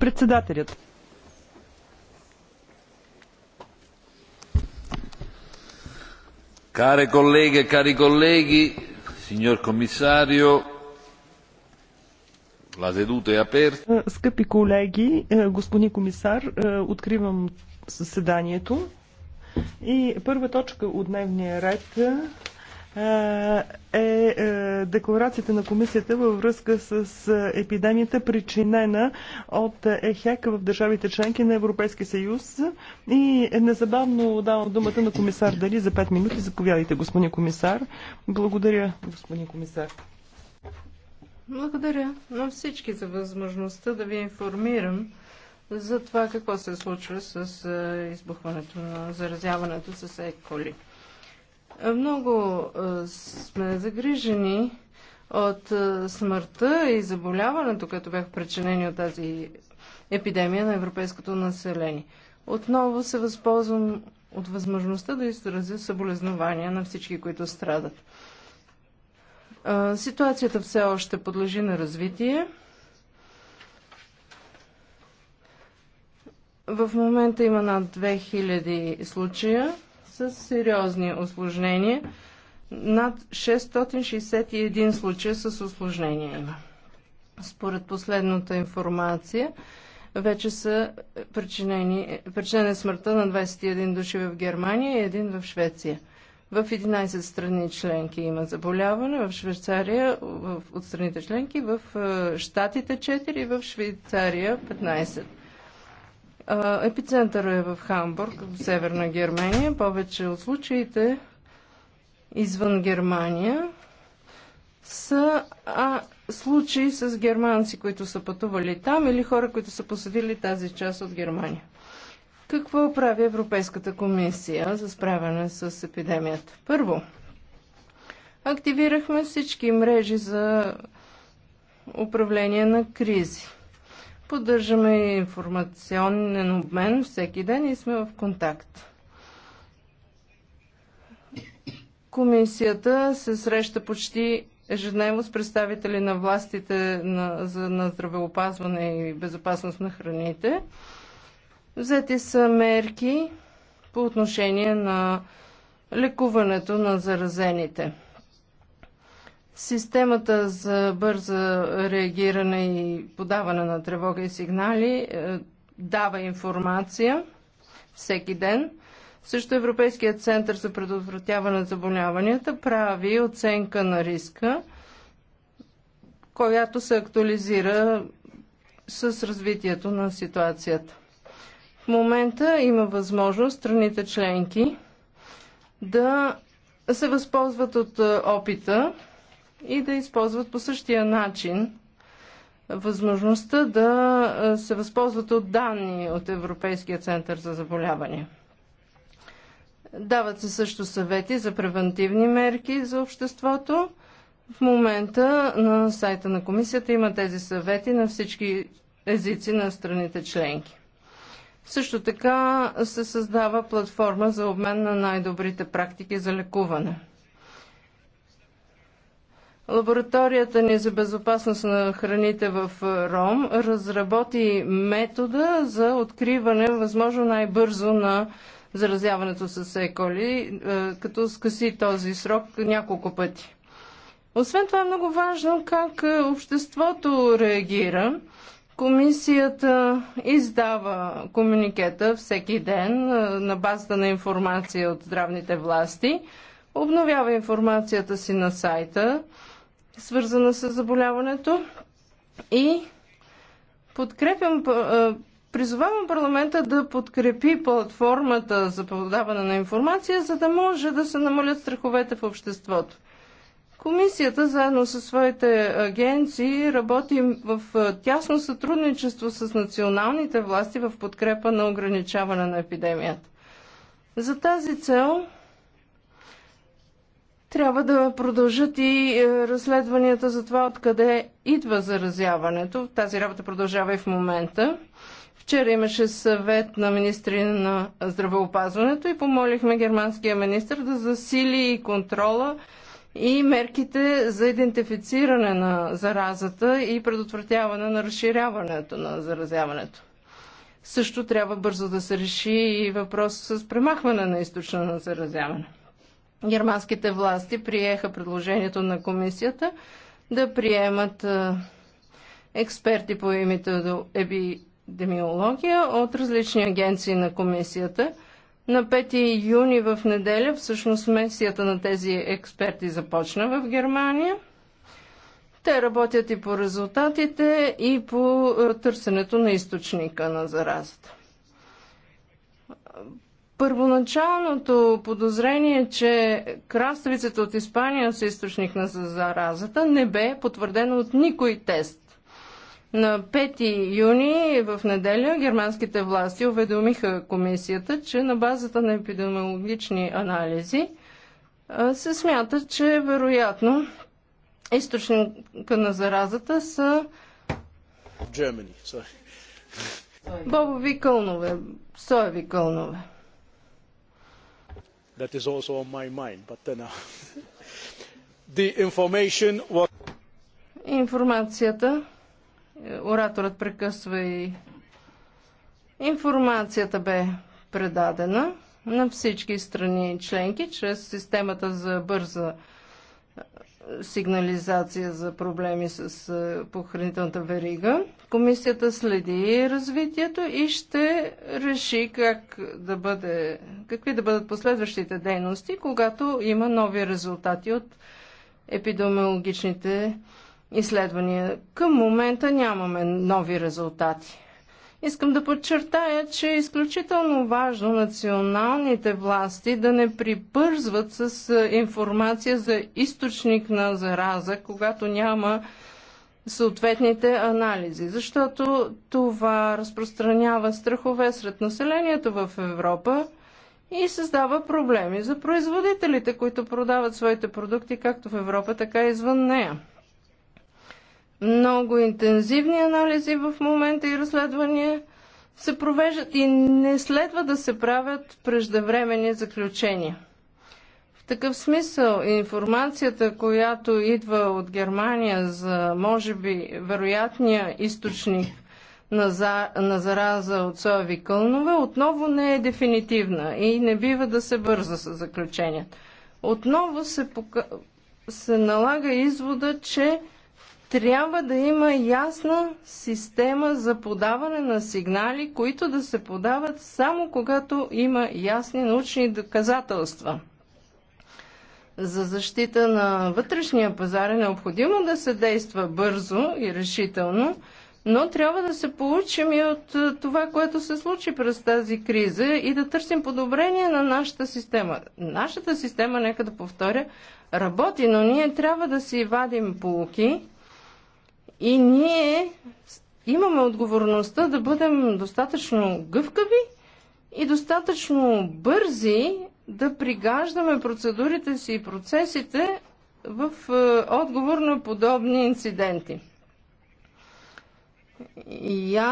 Председателят. Каре колеги, кари колеги, сеньор комисарио, la seduta è aperta. Е, скъпи колеги, е, господин комисар, е, откривам съседанието. И първа точка от дневния ред е, е декларацията на комисията във връзка с е, епидемията, причинена от ЕХЕК в държавите членки на Европейския съюз. И незабавно давам думата на комисар Дали за 5 минути. Заповядайте, господин комисар. Благодаря, господин комисар. Благодаря на всички за възможността да ви информирам за това какво се случва с е, избухването на заразяването с Еколи. Много сме загрижени от смъртта и заболяването, като бях причинени от тази епидемия на европейското население. Отново се възползвам от възможността да изразя съболезнования на всички, които страдат. Ситуацията все още подлежи на развитие. В момента има над 2000 случая с сериозни осложнения. Над 661 случая с осложнения има. Според последната информация, вече са причинени, е смъртта на 21 души в Германия и един в Швеция. В 11 страни членки има заболяване, в Швейцария в, от страните членки, в Штатите е, 4, в Швейцария 15. Епицентър е в Хамбург, в Северна Германия. Повече от случаите извън Германия са а, случаи с германци, които са пътували там или хора, които са посадили тази част от Германия. Какво прави Европейската комисия за справяне с епидемията? Първо, активирахме всички мрежи за управление на кризи. Поддържаме информационен обмен всеки ден и сме в контакт. Комисията се среща почти ежедневно с представители на властите на, за, на здравеопазване и безопасност на храните. Взети са мерки по отношение на лекуването на заразените. Системата за бърза реагиране и подаване на тревога и сигнали е, дава информация всеки ден. Също Европейският център за предотвратяване на заболяванията прави оценка на риска, която се актуализира с развитието на ситуацията. В момента има възможност страните членки да се възползват от е, опита и да използват по същия начин възможността да се възползват от данни от Европейския център за заболявания. Дават се също съвети за превентивни мерки за обществото. В момента на сайта на комисията има тези съвети на всички езици на страните членки. Също така се създава платформа за обмен на най-добрите практики за лекуване – Лабораторията ни за безопасност на храните в Ром разработи метода за откриване възможно най-бързо на заразяването с еколи, е, като скъси този срок няколко пъти. Освен това е много важно как е, обществото реагира. Комисията издава комуникета всеки ден е, на базата на информация от здравните власти, обновява информацията си на сайта, свързана с заболяването. И подкрепям, призовавам парламента да подкрепи платформата за подаване на информация, за да може да се намалят страховете в обществото. Комисията заедно със своите агенции работи в тясно сътрудничество с националните власти в подкрепа на ограничаване на епидемията. За тази цел трябва да продължат и е, разследванията за това откъде идва заразяването. Тази работа продължава и в момента. Вчера имаше съвет на министри на здравеопазването и помолихме германския министр да засили и контрола и мерките за идентифициране на заразата и предотвратяване на разширяването на заразяването. Също трябва бързо да се реши и въпрос с премахване на източна на заразяване германските власти приеха предложението на комисията да приемат експерти по името до епидемиология от различни агенции на комисията. На 5 юни в неделя всъщност месията на тези експерти започна в Германия. Те работят и по резултатите, и по търсенето на източника на заразата Първоначалното подозрение, е, че краставицата от Испания е са източник на заразата, не бе потвърдено от никой тест. На 5 юни в неделя германските власти уведомиха комисията, че на базата на епидемиологични анализи се смята, че вероятно източника на заразата са бобови кълнове, соеви кълнове that is also on my mind, but uh, the information was... Информацията, е, ораторът прекъсва и информацията бе предадена на всички страни членки чрез системата за бърза сигнализация за проблеми с е, похранителната верига. Комисията следи развитието и ще реши как да бъде, какви да бъдат последващите дейности, когато има нови резултати от епидемиологичните изследвания. Към момента нямаме нови резултати. Искам да подчертая, че е изключително важно националните власти да не припързват с информация за източник на зараза, когато няма съответните анализи, защото това разпространява страхове сред населението в Европа и създава проблеми за производителите, които продават своите продукти както в Европа, така и извън нея. Много интензивни анализи в момента и разследвания се провеждат и не следва да се правят преждевременни заключения. В такъв смисъл информацията, която идва от Германия за, може би, вероятния източник на, за, на зараза от соеви кълнове, отново не е дефинитивна и не бива да се бърза с заключения. Отново се, пока... се налага извода, че трябва да има ясна система за подаване на сигнали, които да се подават само когато има ясни научни доказателства. За защита на вътрешния пазар е необходимо да се действа бързо и решително, но трябва да се получим и от е, това, което се случи през тази криза и да търсим подобрение на нашата система. Нашата система, нека да повторя, работи, но ние трябва да си вадим полки и ние имаме отговорността да бъдем достатъчно гъвкави и достатъчно бързи да пригаждаме процедурите си и процесите в е, отговор на подобни инциденти.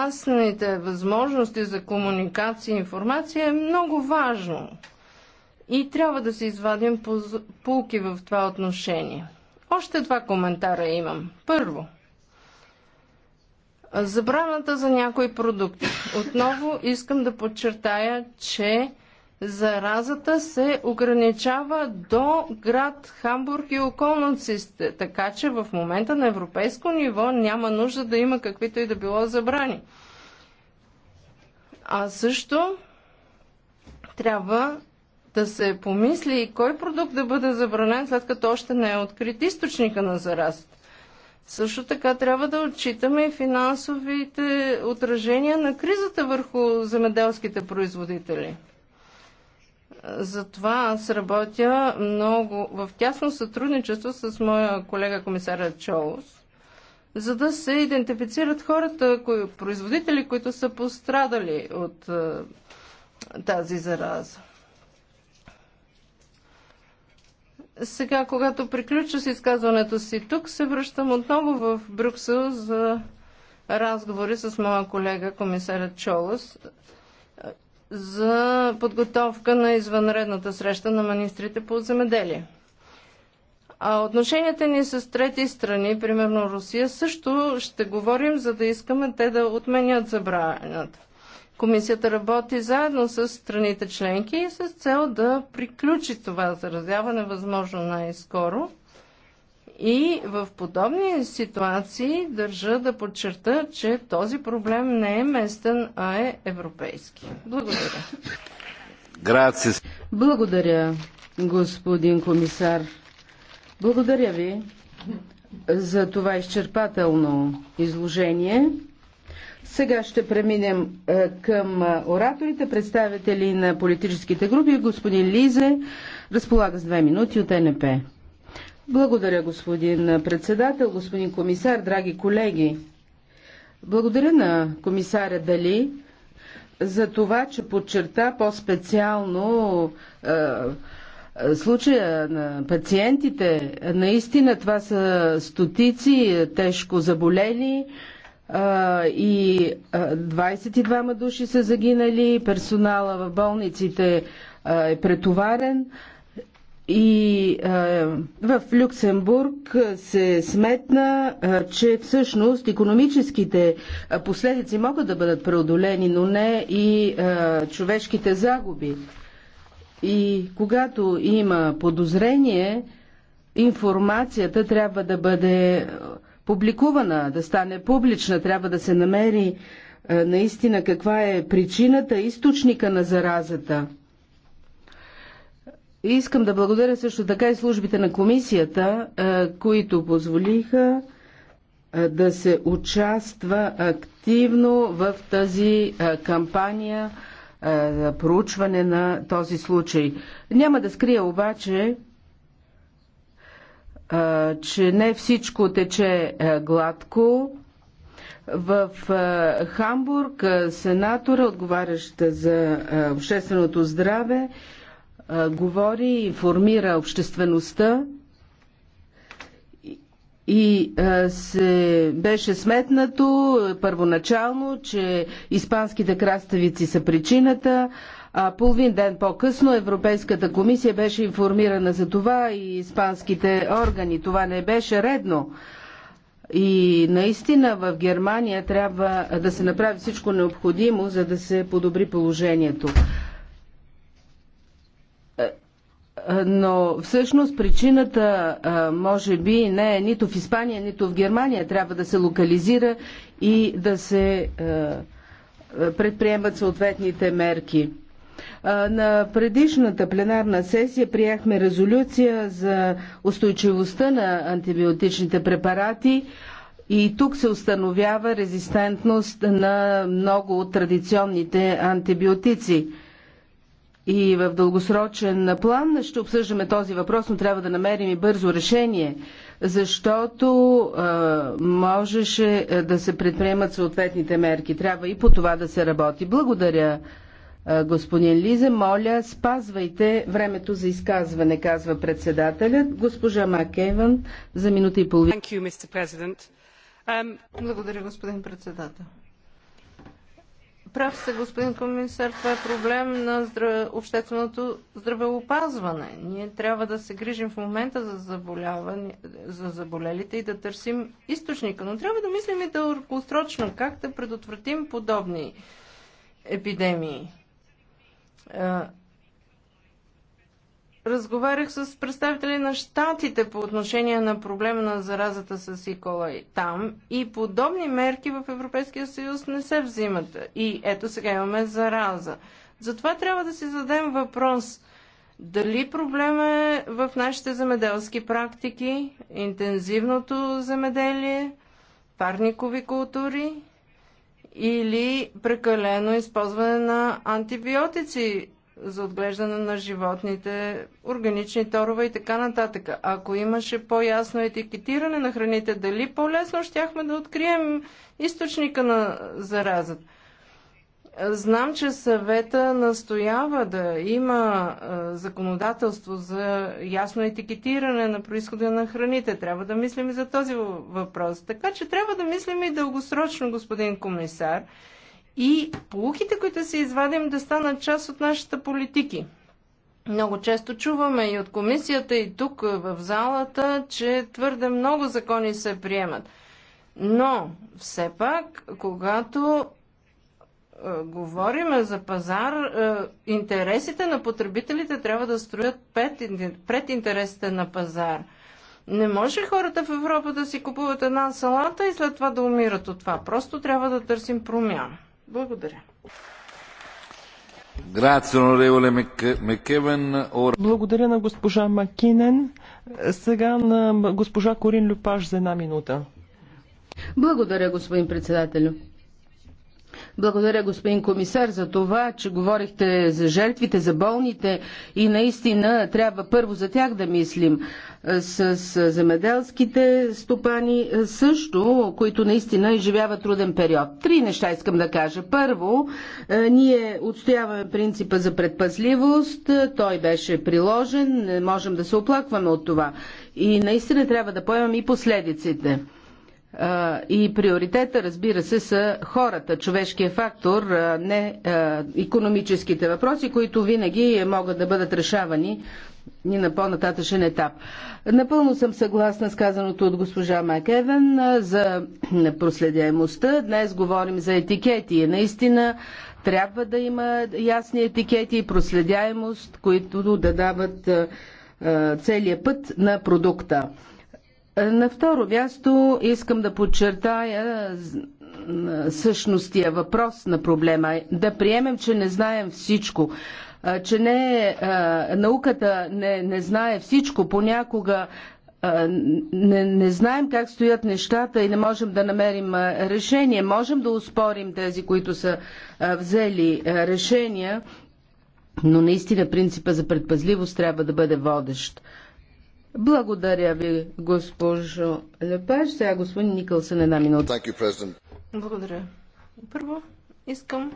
Ясните възможности за комуникация и информация е много важно и трябва да се извадим полки в това отношение. Още два коментара имам. Първо – Забраната за някои продукти. Отново искам да подчертая, че заразата се ограничава до град Хамбург и околниците, така че в момента на европейско ниво няма нужда да има каквито и да било забрани. А също трябва да се помисли и кой продукт да бъде забранен, след като още не е открит източника на заразата. Също така трябва да отчитаме и финансовите отражения на кризата върху земеделските производители. Затова аз работя много в тясно сътрудничество с моя колега комисаря Чолос, за да се идентифицират хората, кои, производители, които са пострадали от тази зараза. Сега, когато приключа с изказването си тук, се връщам отново в Брюксел за разговори с моя колега, комисарят Чолос, за подготовка на извънредната среща на министрите по земеделие. А отношенията ни с трети страни, примерно Русия, също ще говорим, за да искаме те да отменят забраната. Комисията работи заедно с страните членки и с цел да приключи това заразяване възможно най-скоро. И в подобни ситуации държа да подчерта, че този проблем не е местен, а е европейски. Благодаря. Грация. Благодаря, господин комисар. Благодаря ви за това изчерпателно изложение. Сега ще преминем е, към е, ораторите, представители на политическите групи. Господин Лизе разполага с две минути от НП. Благодаря, господин председател, господин комисар, драги колеги. Благодаря на комисаря Дали за това, че подчерта по-специално е, е случая на пациентите. Наистина това са стотици тежко заболели. Е, и 22 души са загинали, персонала в болниците е претоварен и в Люксембург се сметна, че всъщност економическите последици могат да бъдат преодолени, но не и човешките загуби. И когато има подозрение, информацията трябва да бъде публикувана, да стане публична, трябва да се намери е, наистина каква е причината, източника на заразата. И искам да благодаря също така и службите на комисията, е, които позволиха е, да се участва активно в тази кампания за проучване на този случай. Няма да скрия обаче, че не всичко тече гладко. В Хамбург сенатора, отговаряща за общественото здраве, говори и информира обществеността и се беше сметнато първоначално, че испанските краставици са причината, а половин ден по-късно Европейската комисия беше информирана за това и испанските органи. Това не беше редно. И наистина в Германия трябва да се направи всичко необходимо, за да се подобри положението. Е, е, но всъщност причината е, може би не е нито в Испания, нито в Германия. Трябва да се локализира и да се предприемат съответните мерки. На предишната пленарна сесия приехме резолюция за устойчивостта на антибиотичните препарати и тук се установява резистентност на много от традиционните антибиотици. И в дългосрочен план ще обсъждаме този въпрос, но трябва да намерим и бързо решение, защото е, можеше да се предприемат съответните мерки. Трябва и по това да се работи. Благодаря. Господин Лиза, моля, спазвайте времето за изказване, казва председателят. Госпожа Макейван за минута и половина. Um, Благодаря, господин председател. Прав сте, господин комисар, това е проблем на здраве, общественото здравеопазване. Ние трябва да се грижим в момента за, за заболелите и да търсим източника, но трябва да мислим и дългосрочно как да предотвратим подобни епидемии. Е, разговарях с представители на щатите по отношение на проблема на заразата с Икола и там и подобни мерки в Европейския съюз не се взимат. И ето сега имаме зараза. Затова трябва да си зададем въпрос – дали проблем е в нашите земеделски практики, интензивното земеделие, парникови култури или прекалено използване на антибиотици за отглеждане на животните, органични торове и така нататък. Ако имаше по-ясно етикетиране на храните, дали по-лесно щяхме да открием източника на заразата? Знам, че съвета настоява да има законодателство за ясно етикетиране на происхода на храните. Трябва да мислим и за този въпрос. Така че трябва да мислим и дългосрочно, господин комисар. И полуките, които се извадим, да станат част от нашите политики. Много често чуваме и от комисията, и тук в залата, че твърде много закони се приемат. Но, все пак, когато е, говорим за пазар, е, интересите на потребителите трябва да строят пред интересите на пазар. Не може хората в Европа да си купуват една салата и след това да умират от това. Просто трябва да търсим промяна. Благодаря. Благодаря на госпожа Макинен. Сега на госпожа Корин Люпаш за една минута. Благодаря, господин председателю. Благодаря, господин комисар, за това, че говорихте за жертвите, за болните и наистина трябва първо за тях да мислим. С, с земеделските стопани също, които наистина изживяват труден период. Три неща искам да кажа. Първо, е, ние отстояваме принципа за предпазливост. Той беше приложен. Не можем да се оплакваме от това. И наистина трябва да поемам и последиците. И приоритета, разбира се, са хората, човешкия фактор, не економическите въпроси, които винаги могат да бъдат решавани ни на по-нататъчен етап. Напълно съм съгласна с казаното от госпожа Макевен за проследяемостта. Днес говорим за етикети. Наистина трябва да има ясни етикети и проследяемост, които да дават целият път на продукта. На второ място искам да подчертая същностия въпрос на проблема. Да приемем, че не знаем всичко, че не, науката не, не знае всичко. Понякога не, не знаем как стоят нещата и не можем да намерим решение. Можем да успорим тези, които са взели решения, но наистина принципа за предпазливост трябва да бъде водещ. Благодаря ви, госпожо Лепаш. Сега господин Никълсън една минута. You, Благодаря. Първо, искам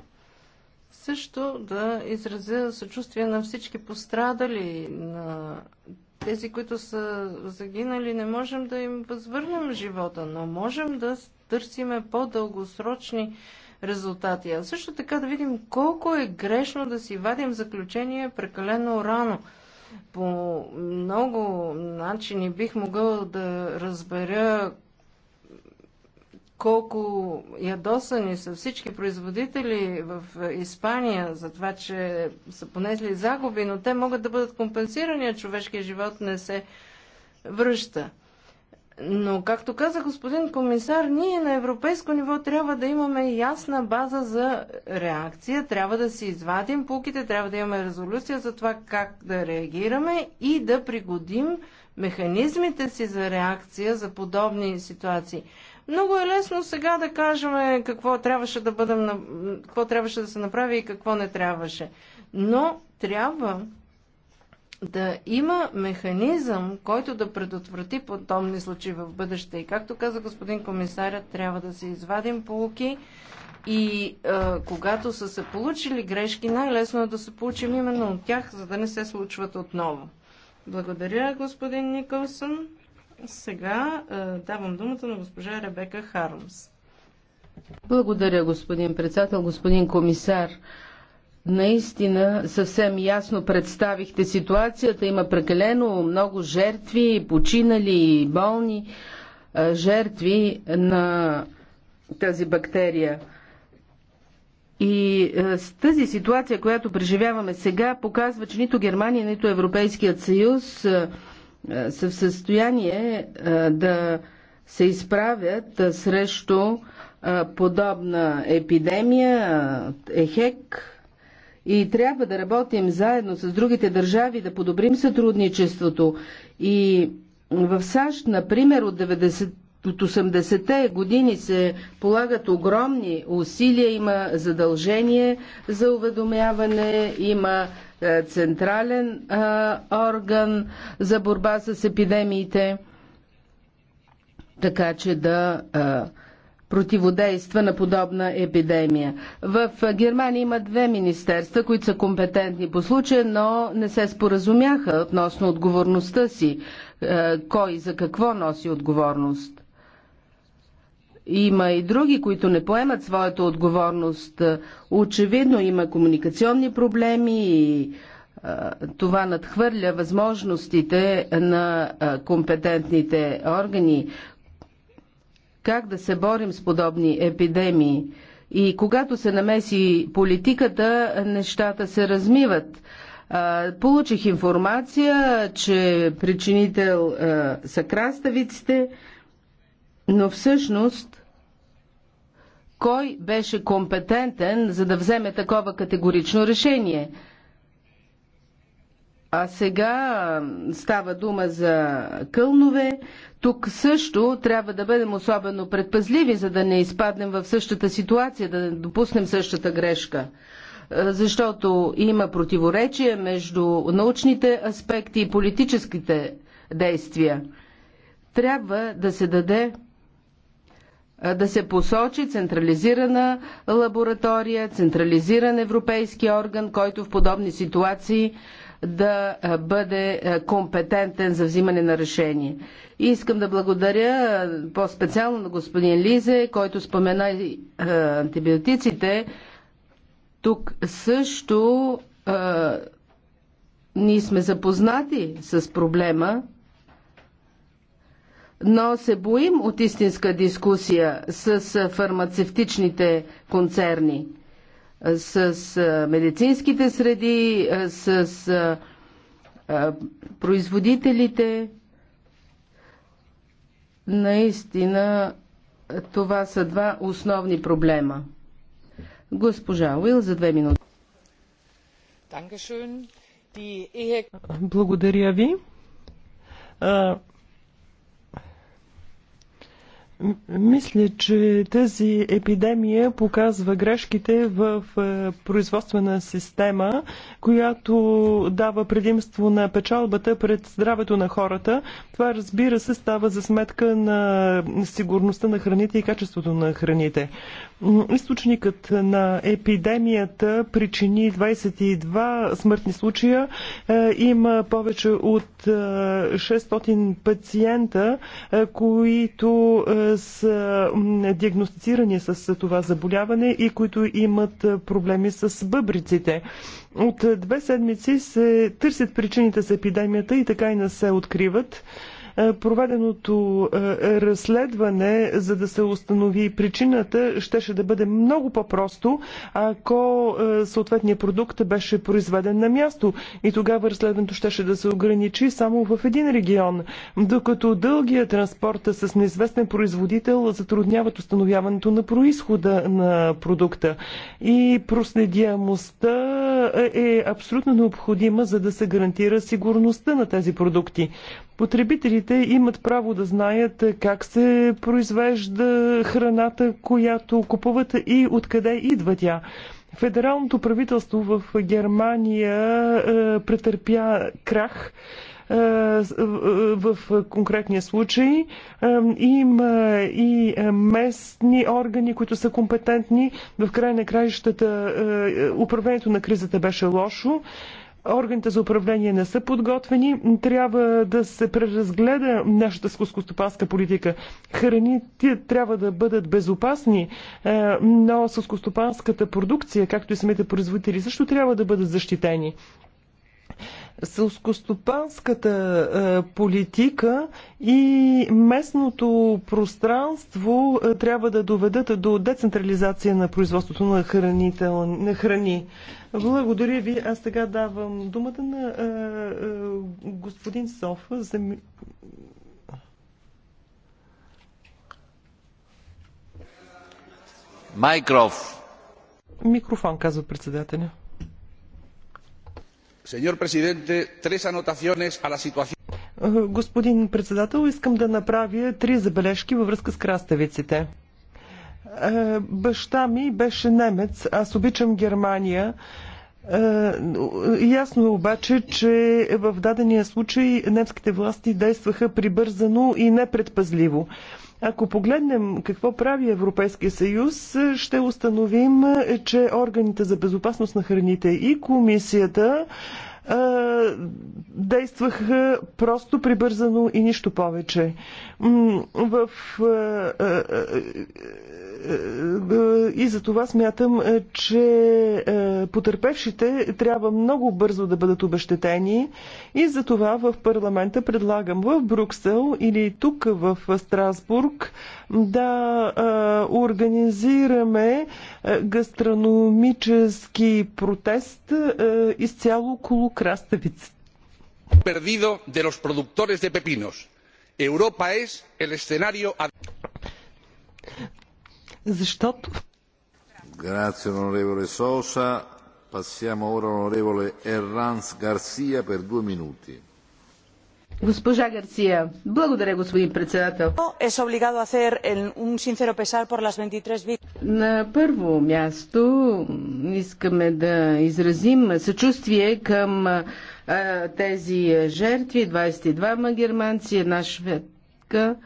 също да изразя съчувствие на всички пострадали, на тези, които са загинали. Не можем да им възвърнем живота, но можем да търсиме по-дългосрочни резултати. А също така да видим колко е грешно да си вадим заключение прекалено рано – по много начини бих могъл да разбера колко ядосани са всички производители в Испания за това, че са понесли загуби, но те могат да бъдат компенсирани, а човешкият живот не се връща. Но, както каза господин комисар, ние на европейско ниво трябва да имаме ясна база за реакция, трябва да си извадим пулките, трябва да имаме резолюция за това как да реагираме и да пригодим механизмите си за реакция за подобни ситуации. Много е лесно сега да кажем какво трябваше да, бъдем, какво трябваше да се направи и какво не трябваше. Но трябва да има механизъм, който да предотврати подобни случаи в бъдеще. И както каза господин комисарят, трябва да се извадим полуки и е, когато са се получили грешки, най-лесно е да се получим именно от тях, за да не се случват отново. Благодаря, господин Николсън. Сега е, давам думата на госпожа Ребека Хармс. Благодаря, господин председател, господин комисар. Наистина съвсем ясно представихте ситуацията. Има прекалено много жертви, починали и болни жертви на тази бактерия. И с тази ситуация, която преживяваме сега, показва, че нито Германия, нито Европейският съюз са в състояние да се изправят срещу подобна епидемия, ехек, и трябва да работим заедно с другите държави, да подобрим сътрудничеството. И в САЩ, например, от 90 от 80-те години се полагат огромни усилия, има задължение за уведомяване, има е, централен а, е, орган за борба с епидемиите, така че да а, е, противодейства на подобна епидемия. В Германия има две министерства, които са компетентни по случая, но не се споразумяха относно отговорността си. Е, кой за какво носи отговорност? Има и други, които не поемат своята отговорност. Очевидно има комуникационни проблеми и е, това надхвърля възможностите на е, компетентните органи как да се борим с подобни епидемии. И когато се намеси политиката, нещата се размиват. Получих информация, че причинител са краставиците, но всъщност кой беше компетентен за да вземе такова категорично решение? А сега става дума за кълнове. Тук също трябва да бъдем особено предпазливи, за да не изпаднем в същата ситуация, да не допуснем същата грешка. Защото има противоречие между научните аспекти и политическите действия. Трябва да се даде да се посочи централизирана лаборатория, централизиран европейски орган, който в подобни ситуации да бъде компетентен за взимане на решение. И искам да благодаря по-специално на господин Лизе, който спомена и антибиотиците. Тук също а, ние сме запознати с проблема, но се боим от истинска дискусия с фармацевтичните концерни с медицинските среди, с производителите. Наистина това са два основни проблема. Госпожа Уил за две минути. Благодаря ви. Мисля, че тази епидемия показва грешките в е, производствена система, която дава предимство на печалбата пред здравето на хората. Това, разбира се, става за сметка на сигурността на храните и качеството на храните. Източникът на епидемията причини 22 смъртни случая. Е, има повече от 600 е, пациента, които са диагностицирани с това заболяване и които имат проблеми с бъбриците. От две седмици се търсят причините за епидемията и така и не се откриват. Е, проведеното е, разследване, за да се установи причината, щеше да бъде много по-просто, ако е, съответният продукт беше произведен на място. И тогава разследването щеше да се ограничи само в един регион, докато дългия транспорт с неизвестен производител затрудняват установяването на происхода на продукта. И проследяемостта е абсолютно необходима, за да се гарантира сигурността на тези продукти. Потребителите имат право да знаят как се произвежда храната, която купуват и откъде идва тя. Федералното правителство в Германия е, претърпя крах е, е, в конкретния случай. Е, има и местни органи, които са компетентни. В край на краищата управлението на кризата беше лошо. Органите за управление не са подготвени. Трябва да се преразгледа нашата скоскостопанска политика. Храните трябва да бъдат безопасни, е, но скоскостопанската продукция, както и самите производители, също трябва да бъдат защитени. Сълскостопанската е, политика и местното пространство е, трябва да доведат до децентрализация на производството на, на храни. Благодаря ви. Аз сега давам думата на е, господин Софа за Майкроф. Микрофон, казва председателя. Señor presidente, tres anotaciones a la situación. Е, господин председател, искам да направя три забележки във връзка с краставиците. Е, баща ми беше немец, аз обичам Германия. Е, ясно е обаче, че в дадения случай немските власти действаха прибързано и непредпазливо. Ако погледнем какво прави Европейския съюз, ще установим, че органите за безопасност на храните и комисията действаха просто прибързано и нищо повече. В и за това смятам, че потерпевшите трябва много бързо да бъдат обещетени и за това в парламента предлагам в Бруксел или тук в Страсбург да организираме гастрономически протест изцяло около краставица. Perdido de los productores de pepinos. Europa es el escenario защото... Grazie onorevole Sosa. Passiamo ora onorevole Garcia per due minuti. Госпожа Гарсия, благодаря господин председател. На първо място искаме да изразим съчувствие към а, тези жертви, 22 германци, една шведка.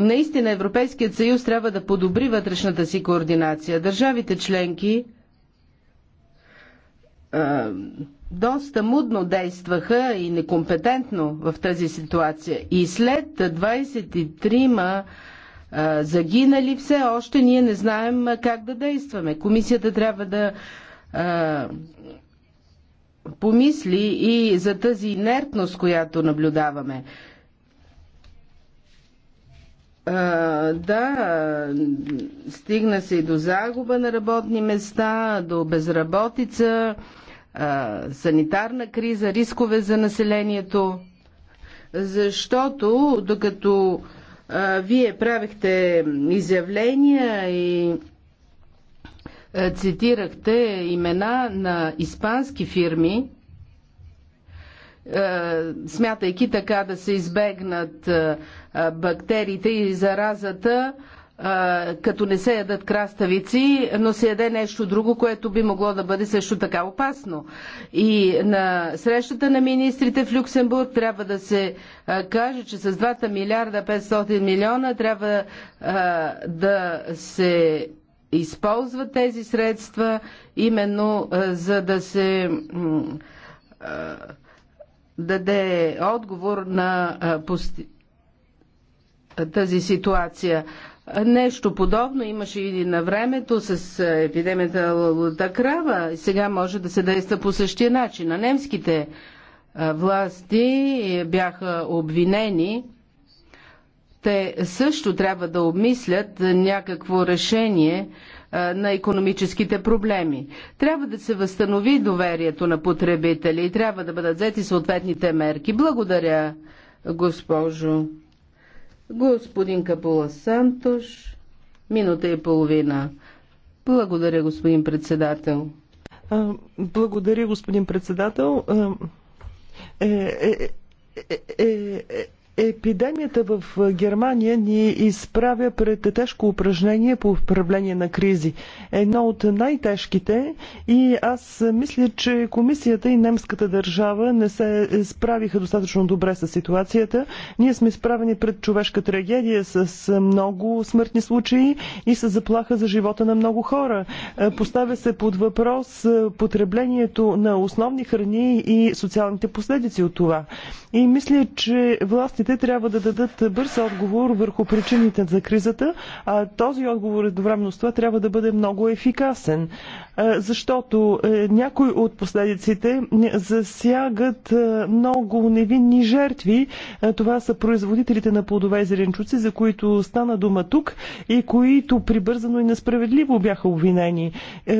Наистина Европейският съюз трябва да подобри вътрешната си координация. Държавите членки доста мудно действаха и некомпетентно в тази ситуация. И след 23-ма загинали, все още ние не знаем как да действаме. Комисията трябва да а, помисли и за тази инертност, която наблюдаваме да, стигна се и до загуба на работни места, до безработица, санитарна криза, рискове за населението. Защото докато вие правихте изявления и цитирахте имена на испански фирми, е, смятайки така да се избегнат е, е, бактериите и заразата, като не се ядат краставици, но се яде нещо друго, което би могло да бъде също така опасно. И на срещата на министрите в Люксембург трябва да се каже, че с 2 милиарда 500 милиона трябва да се използват тези средства именно за да се даде отговор на тази ситуация. Нещо подобно имаше и на времето с епидемията лута крава. Сега може да се действа по същия начин. На немските власти е, бяха обвинени. Те също трябва да обмислят някакво решение, на економическите проблеми. Трябва да се възстанови доверието на потребители и трябва да бъдат взети съответните мерки. Благодаря, госпожо. Господин Капула Сантош, минута и половина. Благодаря, господин председател. Благодаря, господин председател. Е, е, е, е, е Епидемията в Германия ни изправя пред тежко упражнение по управление на кризи. Едно от най-тежките и аз мисля, че комисията и немската държава не се справиха достатъчно добре с ситуацията. Ние сме изправени пред човешка трагедия с много смъртни случаи и с заплаха за живота на много хора. Поставя се под въпрос потреблението на основни храни и социалните последици от това. И мисля, че властите те трябва да дадат бърз отговор върху причините за кризата, а този отговор едновременно с това трябва да бъде много ефикасен, защото е, някои от последиците е, засягат е, много невинни жертви. Това са производителите на плодове и зеленчуци, за които стана дума тук и които прибързано и несправедливо бяха обвинени,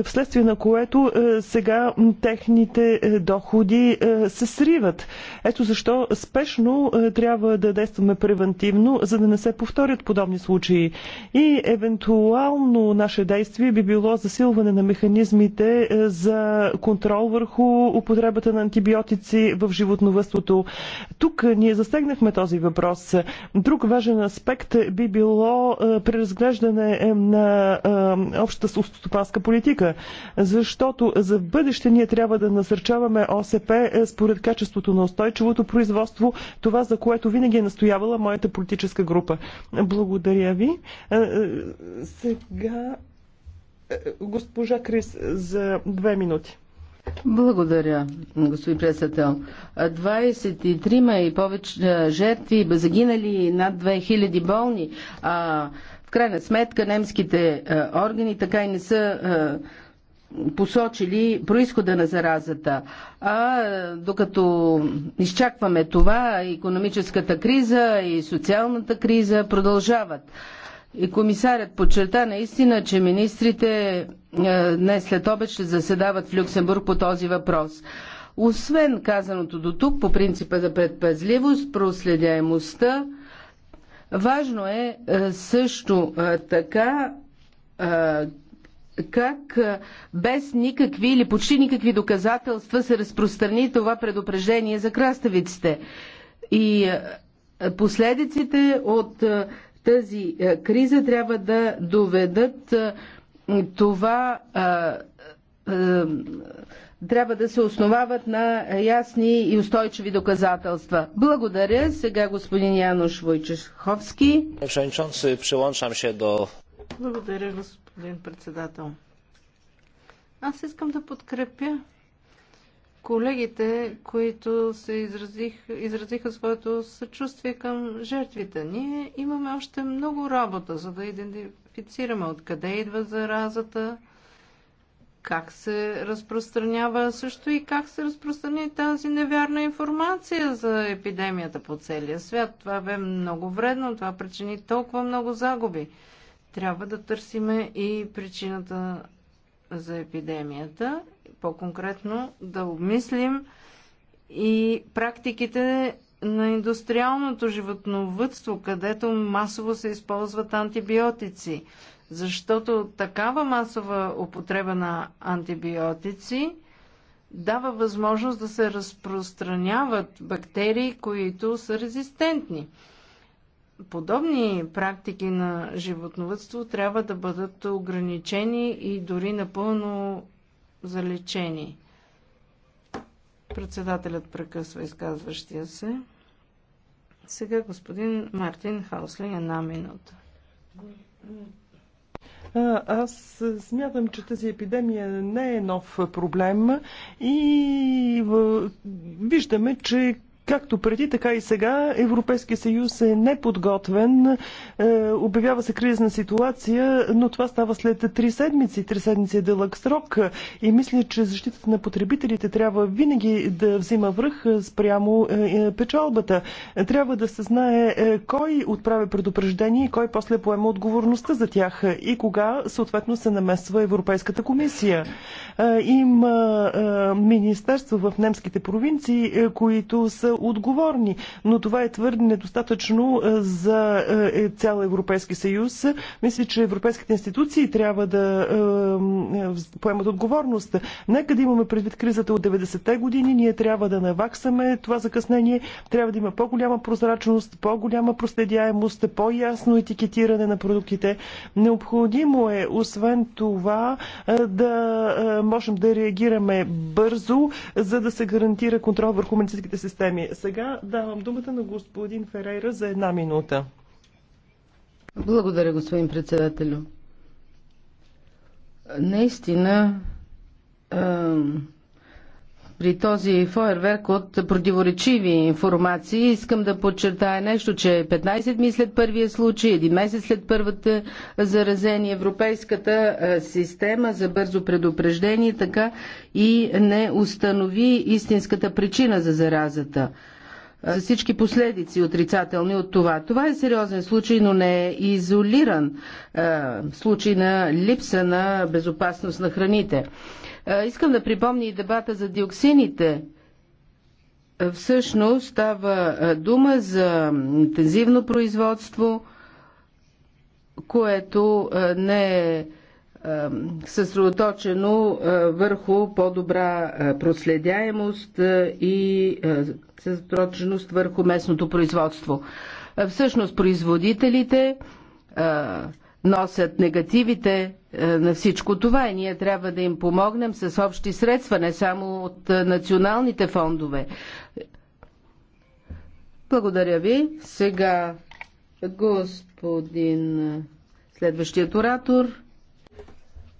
вследствие на което сега техните доходи се сриват. Ето защо спешно трябва да действаме превентивно, за да не се повторят подобни случаи. И евентуално наше действие би било засилване на механизмите е, за контрол върху употребата на антибиотици в животновътството. Тук ние застегнахме този въпрос. Друг важен аспект би било е, преразглеждане е, на общата стопанска политика, защото за бъдеще ние трябва да насърчаваме ОСП според качеството на устойчивото производство, това за което винаги винаги е настоявала моята политическа група. Благодаря ви. Сега госпожа Крис за две минути. Благодаря, господин председател. 23 и повече жертви, загинали над 2000 болни. А, в крайна сметка немските органи така и не са посочили происхода на заразата. А докато изчакваме това, економическата криза и социалната криза продължават. И комисарят подчерта наистина, че министрите е, днес след обед ще заседават в Люксембург по този въпрос. Освен казаното до тук по принципа за предпазливост, проследяемостта, важно е, е също е, така как без никакви или почти никакви доказателства се разпространи това предупреждение за краставиците. И последиците от тази криза трябва да доведат това трябва да се основават на ясни и устойчиви доказателства. Благодаря. Сега господин Януш Войчеховски. Przewodniczący, przyłączam się благодаря, господин председател. Аз искам да подкрепя колегите, които се изразих, изразиха своето съчувствие към жертвите. Ние имаме още много работа, за да идентифицираме откъде идва заразата, как се разпространява също и как се разпространи тази невярна информация за епидемията по целия свят. Това бе много вредно, това причини толкова много загуби трябва да търсиме и причината за епидемията. По-конкретно да обмислим и практиките на индустриалното животновътство, където масово се използват антибиотици. Защото такава масова употреба на антибиотици дава възможност да се разпространяват бактерии, които са резистентни подобни практики на животновътство трябва да бъдат ограничени и дори напълно залечени. Председателят прекъсва изказващия се. Сега господин Мартин Хаусли, една минута. Аз смятам, че тази епидемия не е нов проблем и виждаме, че Както преди, така и сега Европейския съюз е неподготвен. Е, обявява се кризна ситуация, но това става след три седмици. Три седмици е дълъг срок и мисля, че защитата на потребителите трябва винаги да взима връх е, спрямо е, печалбата. Трябва да се знае кой отправя предупреждение и кой после поема отговорността за тях и кога съответно се намесва Европейската комисия. Има министерства в немските провинции, които са отговорни, но това е твърде недостатъчно за е, цял Европейски съюз. Мисля, че европейските институции трябва да поемат отговорност. Нека да имаме предвид кризата от 90-те години, ние трябва да наваксаме това закъснение, трябва да има по-голяма прозрачност, по-голяма проследяемост, по-ясно етикетиране на продуктите. Необходимо е, освен това, да можем да реагираме бързо, за да се гарантира контрол върху медицинските системи. Сега давам думата на господин Ферейра за една минута. Благодаря, господин председателю. Наистина, при този фойерверк от противоречиви информации. Искам да подчертая нещо, че 15 дни след първия случай, един месец след първата заразение, Европейската система за бързо предупреждение така и не установи истинската причина за заразата всички последици отрицателни от това. Това е сериозен случай, но не е изолиран случай на липса на безопасност на храните. Искам да припомня и дебата за диоксините. Всъщност става дума за интензивно производство, което не е съсредоточено върху по-добра проследяемост и съсредоточеност върху местното производство. Всъщност производителите носят негативите на всичко това и ние трябва да им помогнем с общи средства, не само от националните фондове. Благодаря ви. Сега господин следващият оратор.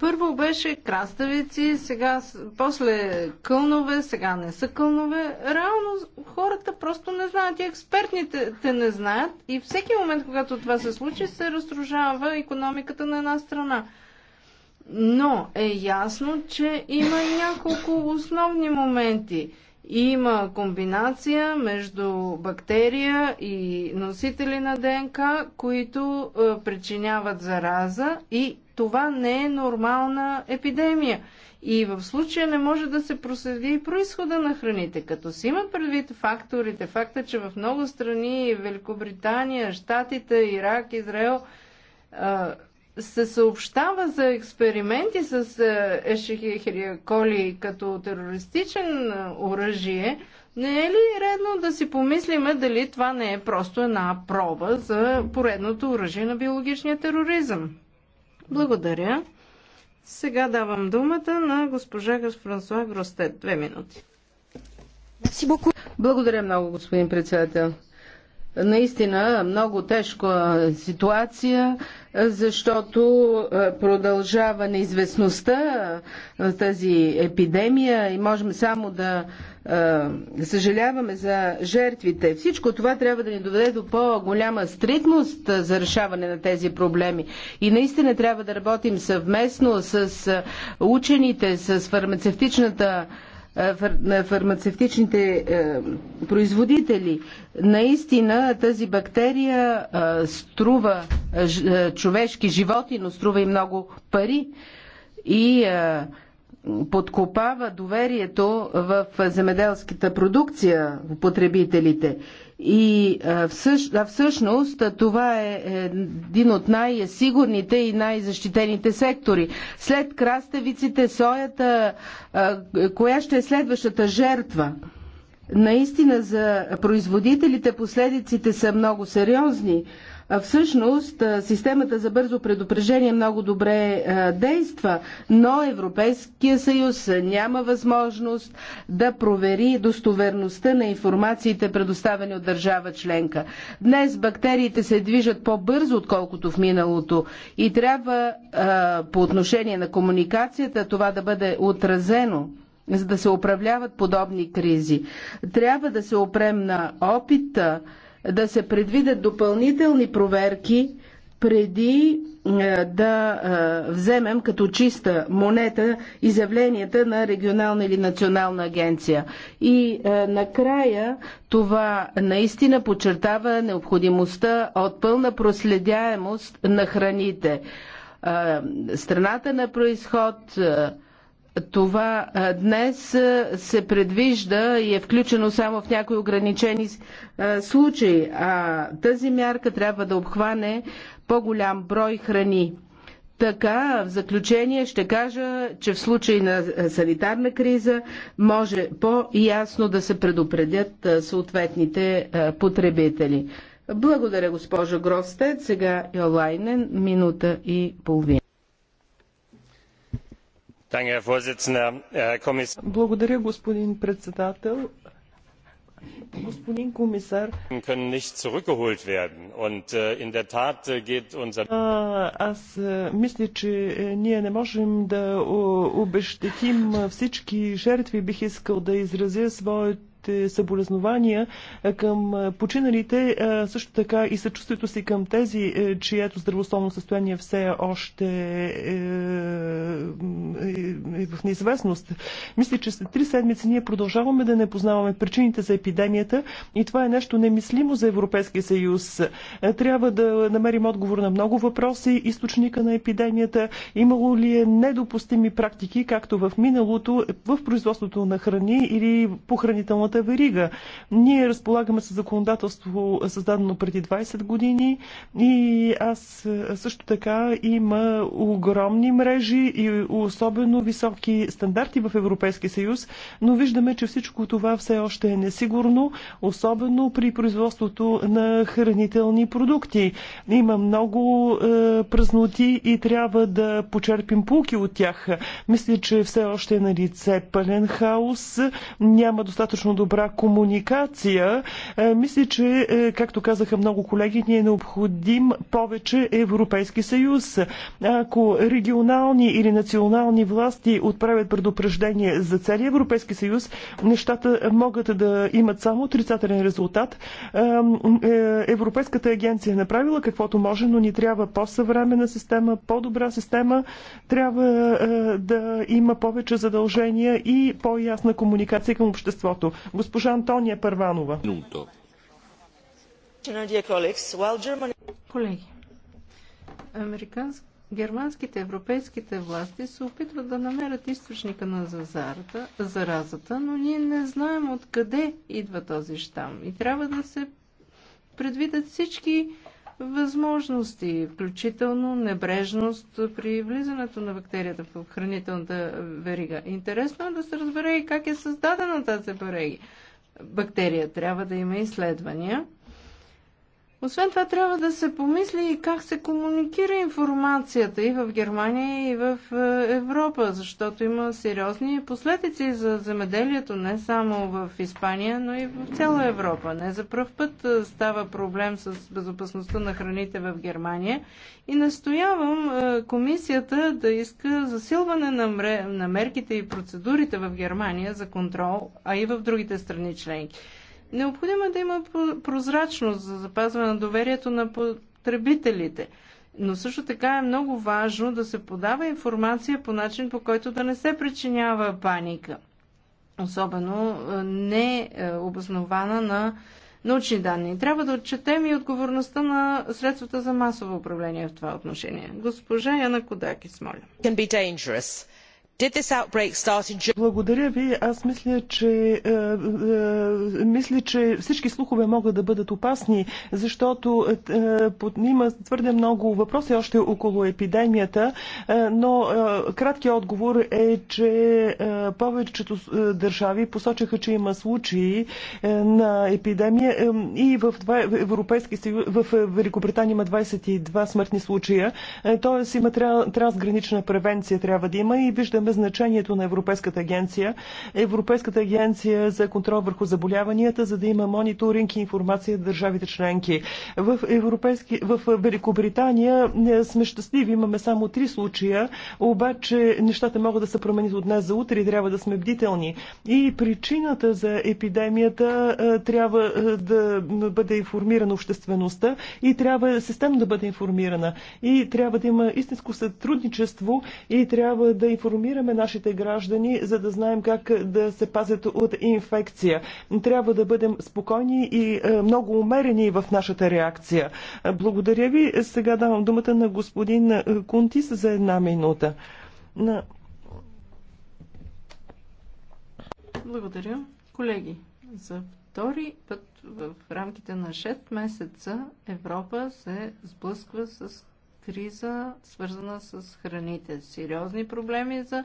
Първо беше краставици, сега, после кълнове, сега не са кълнове. Реално хората просто не знаят и експертните те не знаят. И всеки момент, когато това се случи, се разрушава економиката на една страна. Но е ясно, че има няколко основни моменти – има комбинация между бактерия и носители на ДНК, които е, причиняват зараза и това не е нормална епидемия. И в случая не може да се проследи и происхода на храните. Като си има предвид факторите, факта, че в много страни, Великобритания, Штатите, Ирак, Израел, е, се съобщава за експерименти с е, Ешехирия Коли като терористичен е, оръжие, не е ли редно да си помислиме дали това не е просто една проба за поредното оръжие на биологичния тероризъм? Благодаря. Сега давам думата на госпожа Франсуа Гростет. Две минути. Благодаря много, господин председател наистина много тежка ситуация, защото е, продължава неизвестността на е, тази епидемия и можем само да е, съжаляваме за жертвите. Всичко това трябва да ни доведе до по-голяма стритност за решаване на тези проблеми. И наистина трябва да работим съвместно с учените, с фармацевтичната е, на фармацевтичните е, производители. Наистина тази бактерия е, струва човешки животи, но струва и много пари. И подкопава доверието в земеделската продукция в потребителите. И а всъщност това е един от най-сигурните и най-защитените сектори. След краставиците, соята, коя ще е следващата жертва? Наистина за производителите последиците са много сериозни. Всъщност, системата за бързо предупреждение много добре действа, но Европейския съюз няма възможност да провери достоверността на информациите, предоставени от държава членка. Днес бактериите се движат по-бързо, отколкото в миналото и трябва по отношение на комуникацията това да бъде отразено за да се управляват подобни кризи. Трябва да се опрем на опита да се предвидят допълнителни проверки преди е, да е, вземем като чиста монета изявленията на регионална или национална агенция. И е, накрая това наистина подчертава необходимостта от пълна проследяемост на храните. Страната на происход, това днес се предвижда и е включено само в някои ограничени случаи, а тази мярка трябва да обхване по-голям брой храни. Така, в заключение ще кажа, че в случай на санитарна криза може по-ясно да се предупредят съответните потребители. Благодаря, госпожо Гростет. Сега онлайнен минута и половина. Благодаря, господин председател. Господин комисар, аз мисля, че э, ние не можем да обезщетим э, всички жертви. Бих искал да изразя своето нашите съболезнования е, към е, починалите, е, също така и съчувствието си към тези, чието здравословно състояние все още е в неизвестност. Мисля, че след три седмици ние продължаваме да не познаваме причините за епидемията и това е нещо немислимо за Европейския съюз. Трябва да намерим отговор на много въпроси, източника на епидемията, имало ли е недопустими практики, както в миналото, в производството на храни или по хранителната хранителната верига. Ние разполагаме с законодателство, създадено преди 20 години и аз също така има огромни мрежи и особено високи стандарти в Европейския съюз, но виждаме, че всичко това все още е несигурно, особено при производството на хранителни продукти. Има много е, празноти и трябва да почерпим пулки от тях. Мисля, че все още е на лице пълен хаос, няма достатъчно по-добра комуникация. Е, мисля, че, е, както казаха много колеги, ни е необходим повече Европейски съюз. Ако регионални или национални власти отправят предупреждение за целия Европейски съюз, нещата могат да имат само отрицателен резултат. Е, Европейската агенция е направила каквото може, но ни трябва по-съвременна система, по-добра система. Трябва да има повече задължения и по-ясна комуникация към обществото. Госпожа Антония Първанова. Колеги, германските европейските власти се опитват да намерят източника на зазарата, заразата, но ние не знаем откъде идва този щам и трябва да се предвидят всички възможности, включително небрежност при влизането на бактерията в хранителната верига. Интересно е да се разбере и как е създадена тази бактерия. Трябва да има изследвания. Освен това трябва да се помисли и как се комуникира информацията и в Германия, и в е, Европа, защото има сериозни последици за земеделието не само в Испания, но и в цяла Европа. Не за пръв път е, става проблем с безопасността на храните в Германия и настоявам е, комисията да иска засилване на, на мерките и процедурите в Германия за контрол, а и в другите страни членки. Необходимо е да има прозрачност за запазване на доверието на потребителите. Но също така е много важно да се подава информация по начин, по който да не се причинява паника. Особено е, не е, обоснована на научни данни. Трябва да отчетем и отговорността на средствата за масово управление в това отношение. Госпожа Яна Кодакис, моля. Благодаря ви. Аз мисля, че е, е, мисля, че всички слухове могат да бъдат опасни, защото е, е под, има твърде много въпроси още около епидемията, е, но е, краткият отговор е, че повечето държави посочиха, че има случаи на епидемия и в, Европейски съюз, в Великобритания има 22 смъртни случая, т.е. има трансгранична превенция трябва да има и виждаме подчертава значението на Европейската агенция, Европейската агенция за контрол върху заболяванията, за да има мониторинг и информация за държавите членки. В, европейски, в Великобритания е, сме щастливи, имаме само три случая, обаче нещата могат да се променят от днес за утре и трябва да сме бдителни. И причината за епидемията е, трябва е, да бъде информирана обществеността и трябва системно да бъде информирана. И трябва да има истинско сътрудничество и трябва да информира информираме нашите граждани, за да знаем как да се пазят от инфекция. Трябва да бъдем спокойни и е, много умерени в нашата реакция. Благодаря ви. Сега давам думата на господин Кунтис за една минута. На... Благодаря. Колеги, за втори път в рамките на 6 месеца Европа се сблъсква с криза, свързана с храните. Сериозни проблеми за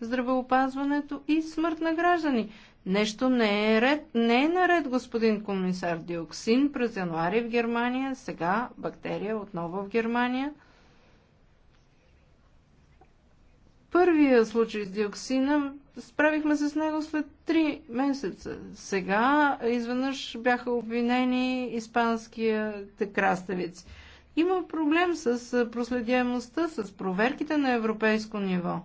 здравеопазването и смърт на граждани. Нещо не е, ред, не е наред, господин комисар. Диоксин през януари в Германия, сега бактерия отново в Германия. Първия случай с диоксина, справихме се с него след 3 месеца. Сега изведнъж бяха обвинени испанския краставици. Има проблем с проследяемостта, с проверките на европейско ниво.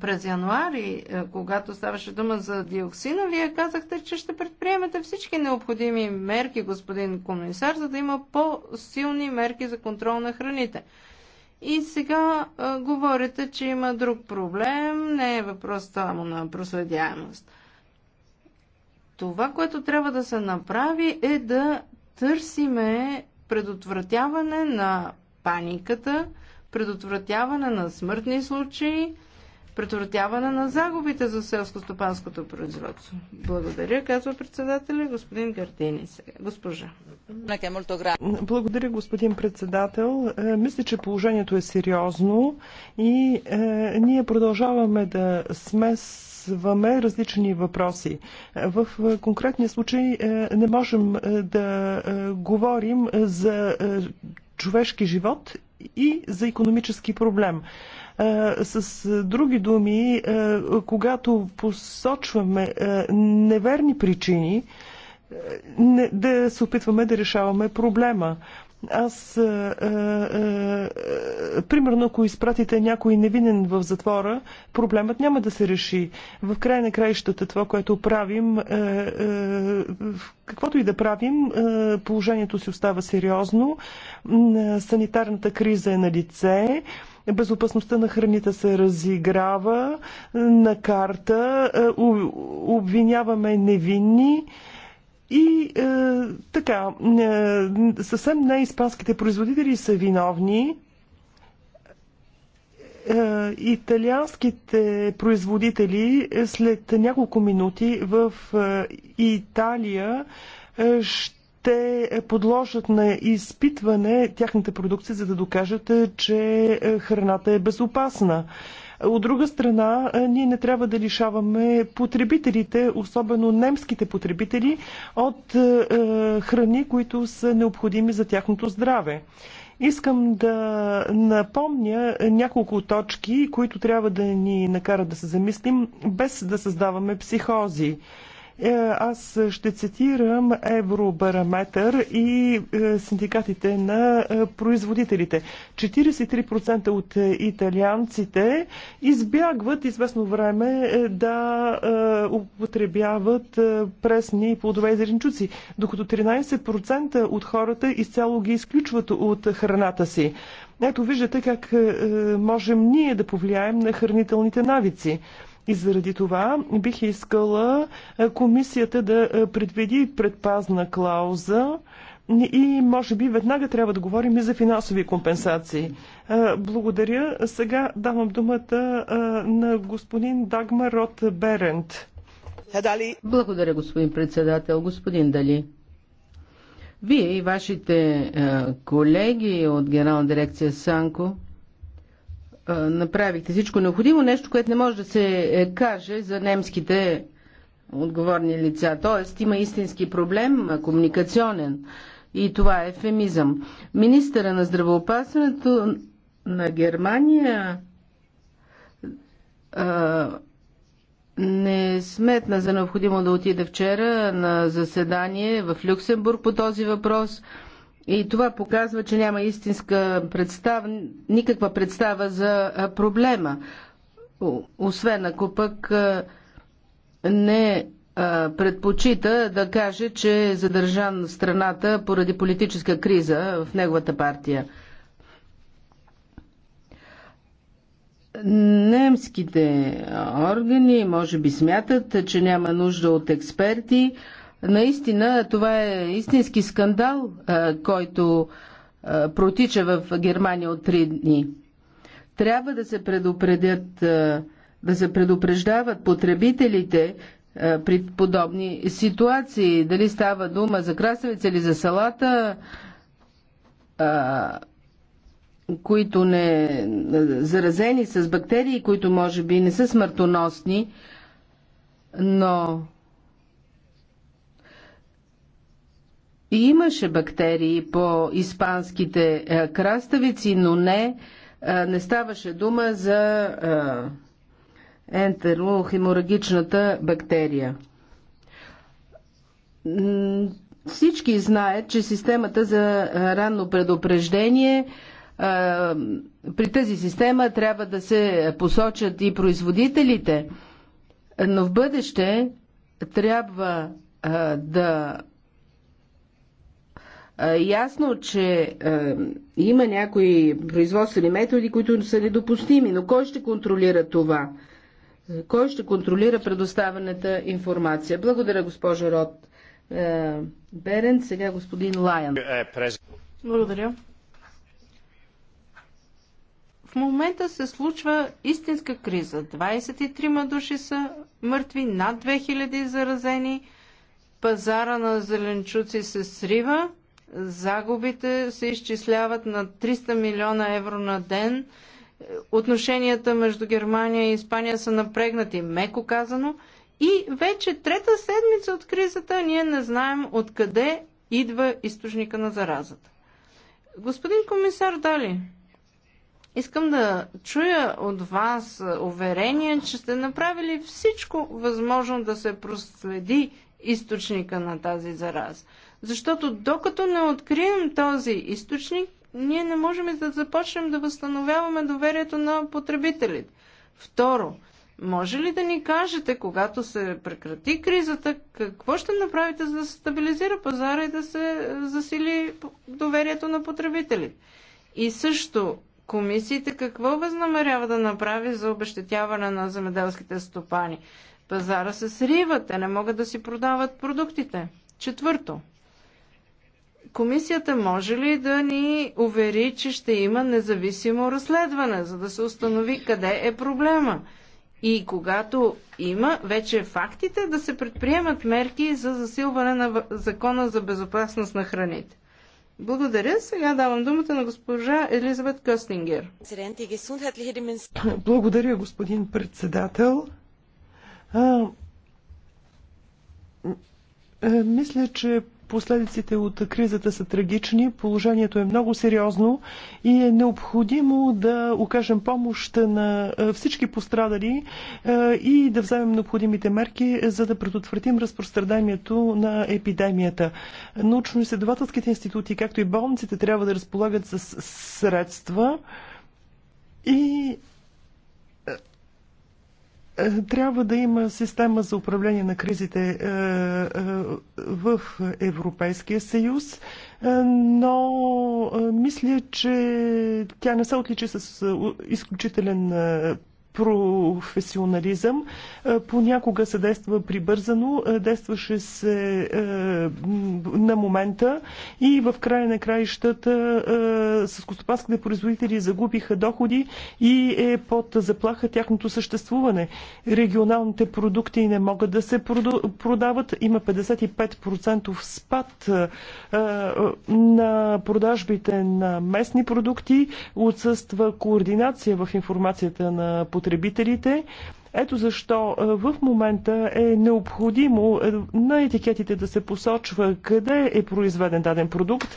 През януари, когато ставаше дума за диоксина, вие казахте, че ще предприемете всички необходими мерки, господин комисар, за да има по-силни мерки за контрол на храните. И сега а, говорите, че има друг проблем, не е въпрос само на проследяемост. Това, което трябва да се направи е да търсиме предотвратяване на паниката, предотвратяване на смъртни случаи, предотвратяване на загубите за селско-стопанското производство. Благодаря, казва председателя господин Гартини. Госпожа. Благодаря, господин председател. Е, мисля, че положението е сериозно и е, ние продължаваме да сме с свързваме различни въпроси. В е, конкретния случай е, не можем е, да говорим за човешки живот и за економически проблем. С други думи, когато посочваме неверни причини, да се опитваме да решаваме проблема. Аз, а, а, а, примерно, ако изпратите някой невинен в затвора, проблемът няма да се реши. В край на краищата това, което правим, а, е, а, е, каквото и да правим, а, е, положението си остава сериозно. А, санитарната криза е на лице. Безопасността на храните се разиграва на карта. Обвиняваме невинни и е, така, е, съвсем не испанските производители са виновни. Е, италианските производители е, след няколко минути в е, Италия е, ще подложат на изпитване тяхната продукция, за да докажат, е, че е, храната е безопасна. Е, от друга страна, е, ние не трябва да лишаваме потребителите, особено немските потребители, от е, е, храни, които са необходими за тяхното здраве. Искам да напомня няколко точки, които трябва да ни накарат да се замислим, без да създаваме психози. Е, аз ще цитирам Евробараметър и е, синдикатите на е, производителите. 43% от италианците избягват известно време да употребяват пресни плодове и зеленчуци, докато 13% от хората изцяло ги изключват от храната си. Ето виждате как можем ние да повлияем на хранителните навици. И заради това бих искала е, комисията да е, предвиди предпазна клауза и може би веднага трябва да говорим и за финансови компенсации. Е, благодаря. Сега давам думата на господин Дагмар Рот Берент. Благодаря, господин председател. Господин Дали. Вие и вашите колеги от Генерална дирекция Санко направихте всичко необходимо, нещо, което не може да се е, каже за немските отговорни лица. Тоест има истински проблем, комуникационен. И това е ефемизъм. Министъра на здравеопазването на Германия а, не сметна за необходимо да отида вчера на заседание в Люксембург по този въпрос. И това показва, че няма истинска представа, никаква представа за проблема. Освен ако пък не предпочита да каже, че е задържан страната поради политическа криза в неговата партия. Немските органи може би смятат, че няма нужда от експерти, Наистина това е истински скандал, който протича в Германия от три дни. Трябва да се предупредят, да се предупреждават потребителите при подобни ситуации. Дали става дума за красавица или за салата, които не заразени с бактерии, които може би не са смъртоносни, но И имаше бактерии по испанските е, краставици, но не, е, не ставаше дума за е, ентерохеморагичната бактерия. Всички знаят, че системата за ранно предупреждение при тази система трябва да се посочат и производителите, но в бъдеще трябва да Ясно, че е, има някои производствени методи, които са недопустими, но кой ще контролира това? Кой ще контролира предоставената информация? Благодаря, госпожа Род. Е, Берен, сега господин Лайан. Благодаря. В момента се случва истинска криза. 23 души са мъртви, над 2000 заразени, пазара на зеленчуци се срива Загубите се изчисляват на 300 милиона евро на ден. Отношенията между Германия и Испания са напрегнати, меко казано. И вече трета седмица от кризата ние не знаем откъде идва източника на заразата. Господин комисар Дали, искам да чуя от вас уверение, че сте направили всичко възможно да се проследи източника на тази зараза. Защото докато не открием този източник, ние не можем да започнем да възстановяваме доверието на потребителите. Второ, може ли да ни кажете, когато се прекрати кризата, какво ще направите за да се стабилизира пазара и да се засили доверието на потребителите? И също, комисиите какво възнамерява да направи за обещетяване на земеделските стопани? Пазара се срива, те не могат да си продават продуктите. Четвърто, Комисията може ли да ни увери, че ще има независимо разследване, за да се установи къде е проблема? И когато има вече фактите, да се предприемат мерки за засилване на закона за безопасност на храните. Благодаря. Сега давам думата на госпожа Елизабет Къстингер. Благодаря, господин председател. А, а, мисля, че Последиците от кризата са трагични, положението е много сериозно и е необходимо да окажем помощ на е, всички пострадали е, и да вземем необходимите мерки, за да предотвратим разпространението на епидемията. Научно-изследователските институти, както и болниците, трябва да разполагат с средства и е, трябва да има система за управление на кризите е, е, в Европейския съюз, но мисля, че тя не се отличи с изключителен професионализъм. Понякога се действа прибързано, действаше се на момента и в края на краищата с костопанските производители загубиха доходи и е под заплаха тяхното съществуване. Регионалните продукти не могат да се продават. Има 55% спад на продажбите на местни продукти. Отсъства координация в информацията на потребителите потребителите. Ето защо в момента е необходимо на етикетите да се посочва къде е произведен даден продукт.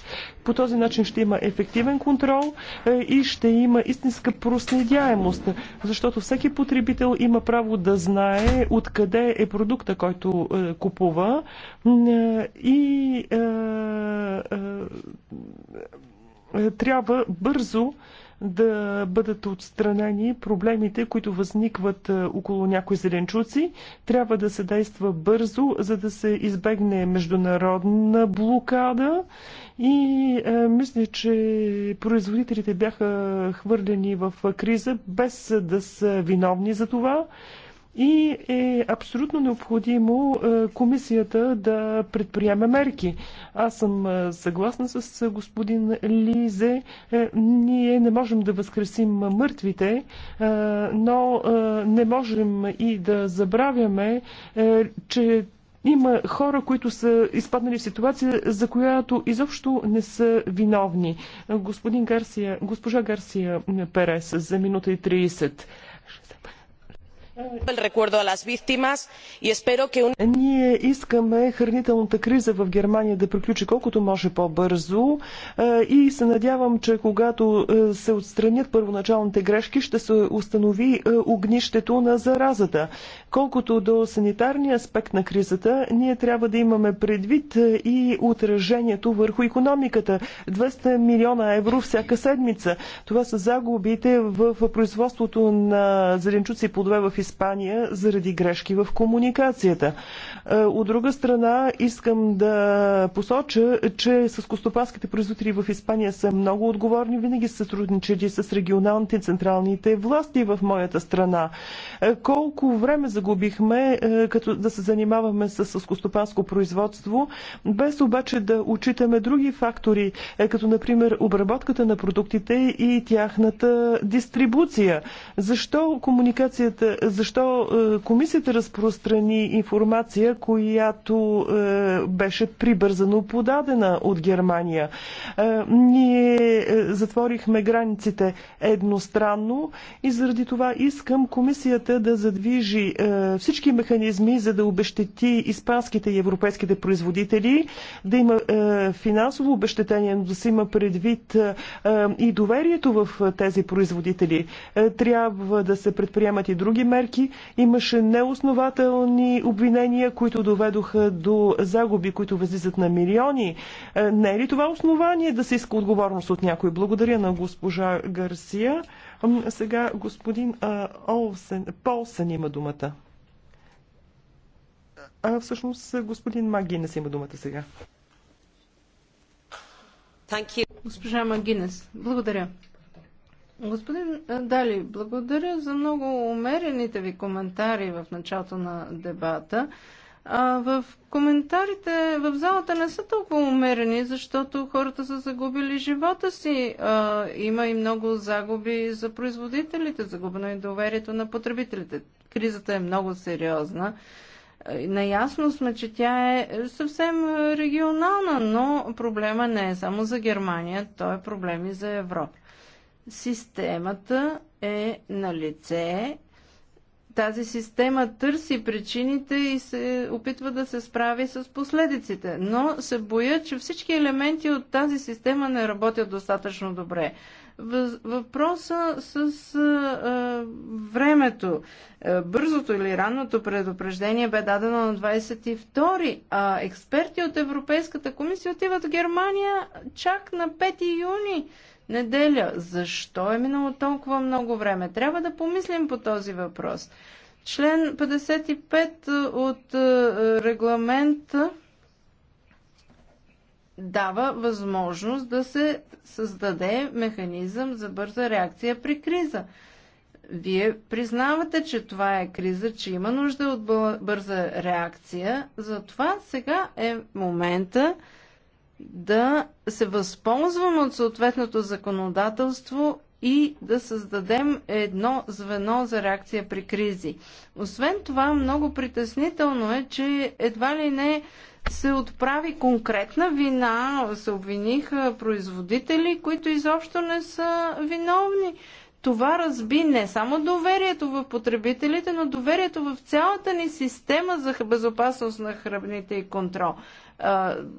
По този начин ще има ефективен контрол и ще има истинска проследяемост, защото всеки потребител има право да знае откъде е продукта, който купува и трябва бързо да бъдат отстранени проблемите, които възникват е, около някои зеленчуци. Трябва да се действа бързо, за да се избегне международна блокада и е, мисля, че производителите бяха хвърлени в криза без да са виновни за това и е абсолютно необходимо е, комисията да предприеме мерки. Аз съм е, съгласна с е, господин Лизе. Ние не можем да възкресим мъртвите, но не можем и да забравяме, че има хора, които са изпаднали в ситуация, за която изобщо не са виновни. Господин Гарсия, госпожа Гарсия Перес за минута и 30. Ние искаме хранителната криза в Германия да приключи колкото може по-бързо е, и се надявам, че когато е, се отстранят първоначалните грешки, ще се установи е, огнището на заразата. Колкото до санитарния аспект на кризата, ние трябва да имаме предвид и отражението върху економиката. 200 милиона евро всяка седмица. Това са загубите в производството на зеленчуци и плодове в Испания Испания заради грешки в комуникацията. Е, от друга страна, искам да посоча, че с костопанските производители в Испания са много отговорни, винаги са сътрудничали с регионалните и централните власти в моята страна. Е, колко време загубихме е, като да се занимаваме с костопанско производство, без обаче да учитаме други фактори, като например обработката на продуктите и тяхната дистрибуция. Защо комуникацията защо е, комисията разпространи информация, която е, беше прибързано подадена от Германия. Е, ние затворихме границите едностранно и заради това искам комисията да задвижи всички механизми, за да обещети испанските и европейските производители, да има финансово обещетение, но да се има предвид и доверието в тези производители. Трябва да се предприемат и други мерки проверки. Имаше неоснователни обвинения, които доведоха до загуби, които възлизат на милиони. Е, не е ли това основание да се иска отговорност от някой? Благодаря на госпожа Гарсия. Сега господин Олсен, Полсен има думата. А всъщност господин Магинес има думата сега. Госпожа Магинес, благодаря. Господин Дали, благодаря за много умерените ви коментари в началото на дебата. А, в коментарите в залата не са толкова умерени, защото хората са загубили живота си. А, има и много загуби за производителите, загубено и е доверието на потребителите. Кризата е много сериозна. Наясно сме, че тя е съвсем регионална, но проблема не е само за Германия, то е проблем и за Европа. Системата е на лице. Тази система търси причините и се опитва да се справи с последиците, но се боя, че всички елементи от тази система не работят достатъчно добре. Въпроса с а, времето, е, бързото или ранното предупреждение бе дадено на 22-ри, а експерти от Европейската комисия отиват в Германия чак на 5 юни неделя. Защо е минало толкова много време? Трябва да помислим по този въпрос. Член 55 е, от е, регламент е, дава възможност да се създаде механизъм за бърза реакция при криза. Вие признавате, че това е криза, че има нужда от бърза реакция. Затова сега е момента да се възползваме от съответното законодателство и да създадем едно звено за реакция при кризи. Освен това, много притеснително е, че едва ли не се отправи конкретна вина, се обвиниха производители, които изобщо не са виновни. Това разби не само доверието в потребителите, но доверието в цялата ни система за безопасност на храните и контрол.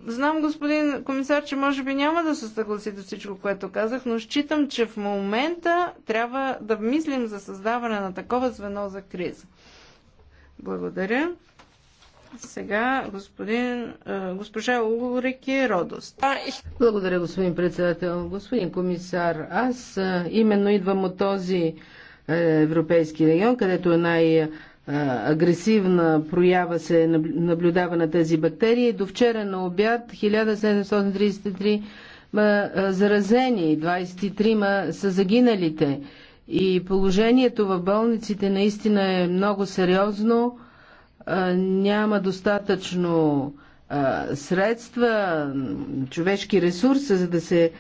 Знам, господин комисар, че може би няма да се съгласи до всичко, което казах, но считам, че в момента трябва да мислим за създаване на такова звено за криза. Благодаря. Сега господин, госпожа Урики е Родост. Благодаря, господин председател. Господин комисар, аз именно идвам от този европейски регион, където е най- агресивна проява се наблюдава на тези бактерии. До вчера на обяд 1733 заразени, 23 са загиналите. И положението в болниците наистина е много сериозно. Няма достатъчно средства, човешки ресурса, за да се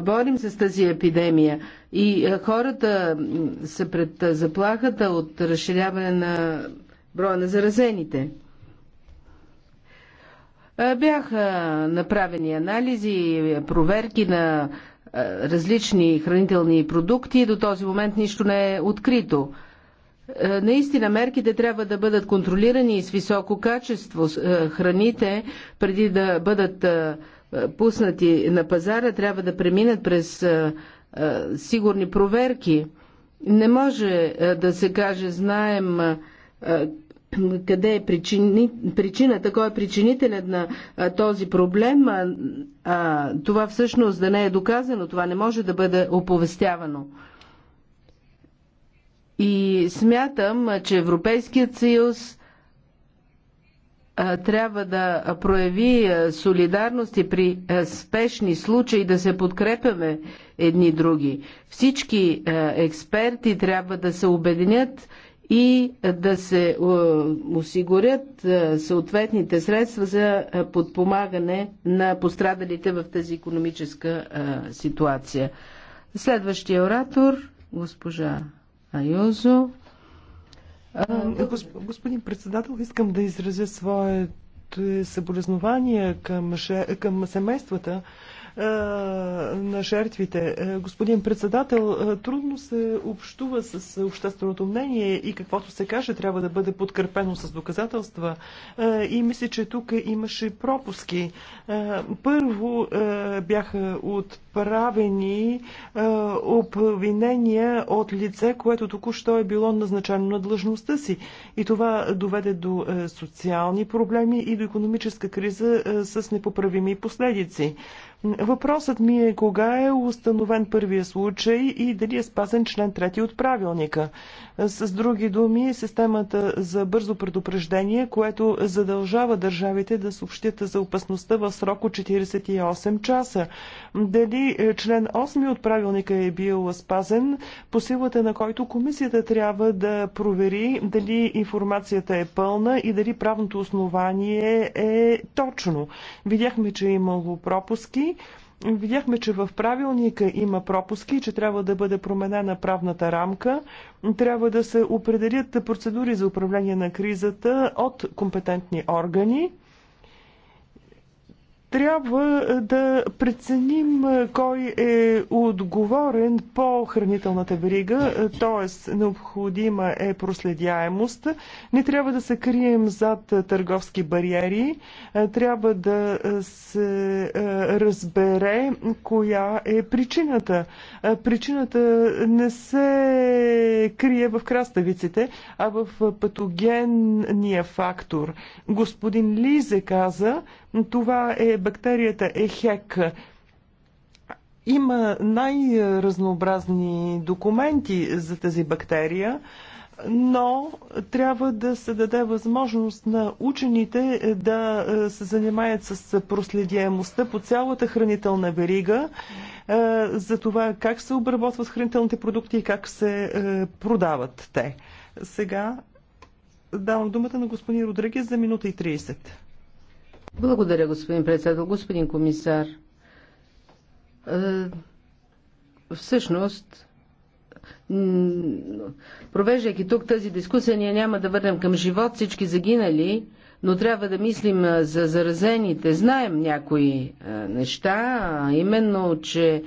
борим с тази епидемия и е, хората са пред заплахата от разширяване на броя на заразените. Е, бяха направени анализи, проверки на е, различни хранителни продукти. До този момент нищо не е открито. Наистина мерките трябва да бъдат контролирани с високо качество. Храните, преди да бъдат е, пуснати на пазара, трябва да преминат през е, е, сигурни проверки. Не може да се каже, знаем къде е причини, причината, кой е причинителят на а, този проблем, а, а, това всъщност да не е доказано, това не може да бъде оповестявано. И смятам, че Европейският съюз трябва да прояви солидарност и при спешни случаи да се подкрепяме едни други. Всички експерти трябва да се обединят и да се осигурят съответните средства за подпомагане на пострадалите в тази економическа ситуация. Следващия оратор, госпожа Айозо. Господин председател, искам да изразя своето съболезнование към, към семействата е, на жертвите. Е, господин председател, е, трудно се общува с общественото мнение и каквото се каже трябва да бъде подкрепено с доказателства. И мисля, че тук имаше пропуски. Първо бяха отправени обвинения от лице, което току-що е било назначено на длъжността си. И това доведе до социални проблеми и до економическа криза с непоправими последици. Въпросът ми е кога е установен първия случай и дали е спазен член 3 от правилника. С други думи, системата за бързо предупреждение, което задължава държавите да съобщят за опасността в срок от 48 часа. Дали е, член 8 от правилника е бил спазен, по силата на който комисията трябва да провери дали информацията е пълна и дали правното основание е точно. Видяхме, че е имало пропуски Видяхме, че в правилника има пропуски, че трябва да бъде променена правната рамка, трябва да се определят процедури за управление на кризата от компетентни органи трябва е, да преценим е, кой е отговорен по хранителната верига, т.е. необходима е проследяемост. Не трябва да се крием зад е, търговски бариери. Трябва да се разбере коя е причината. Причината не се крие в краставиците, а в патогенния фактор. Господин Лизе каза, това е бактерията ЕХЕК. Има най-разнообразни документи за тази бактерия но трябва да се даде възможност на учените да е, се занимаят с проследяемостта по цялата хранителна верига е, за това как се обработват хранителните продукти и как се е, продават те. Сега давам думата на господин Родригес за минута и 30. Благодаря, господин председател. Господин комисар, е, всъщност, провеждайки тук тази дискусия, ние няма да върнем към живот всички загинали, но трябва да мислим е, за заразените. Знаем някои е, неща, именно, че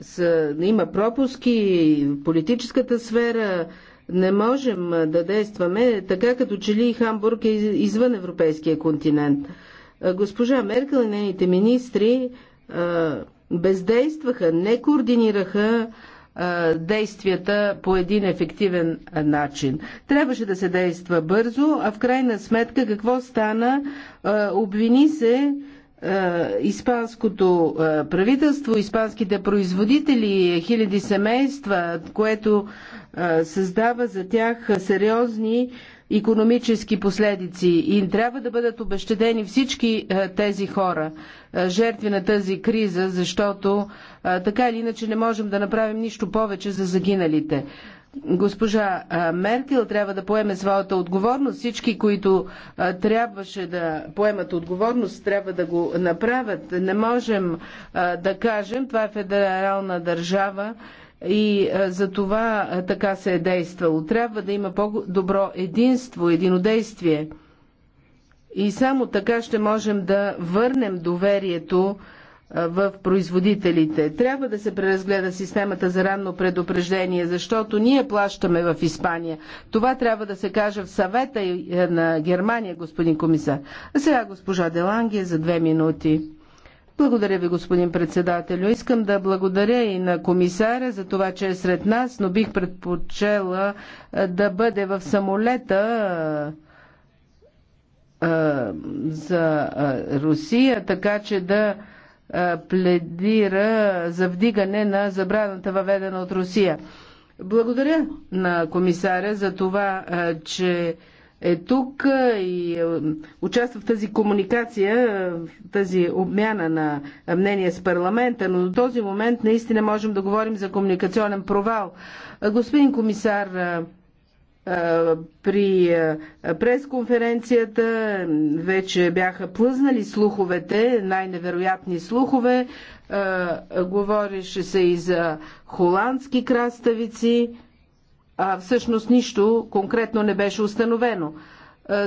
са, има пропуски в политическата сфера, не можем да действаме така, като че ли Хамбург е извън европейския континент. Госпожа Меркел и нейните министри бездействаха, не координираха действията по един ефективен начин. Трябваше да се действа бързо, а в крайна сметка какво стана? Обвини се е, испанското е, правителство, испанските производители, хиляди семейства, което е, създава за тях сериозни економически последици. И трябва да бъдат обещадени всички тези хора, жертви на тази криза, защото така или иначе не можем да направим нищо повече за загиналите. Госпожа Меркел трябва да поеме своята отговорност. Всички, които трябваше да поемат отговорност, трябва да го направят. Не можем да кажем, това е федерална държава и за това така се е действало. Трябва да има по-добро единство, единодействие. И само така ще можем да върнем доверието в производителите. Трябва да се преразгледа системата за ранно предупреждение, защото ние плащаме в Испания. Това трябва да се каже в съвета е, на Германия, господин комисар. А сега госпожа Деланги за две минути. Благодаря ви, господин председателю. Искам да благодаря и на комисара за това, че е сред нас, но бих предпочела е, да бъде в самолета е, за Русия, така че да пледира за вдигане на забраната въведена от Русия. Благодаря на комисаря за това, че е тук и участва в тази комуникация, в тази обмяна на мнение с парламента, но до този момент наистина можем да говорим за комуникационен провал. Господин комисар, при пресконференцията вече бяха плъзнали слуховете, най-невероятни слухове. Говореше се и за холандски краставици, а всъщност нищо конкретно не беше установено.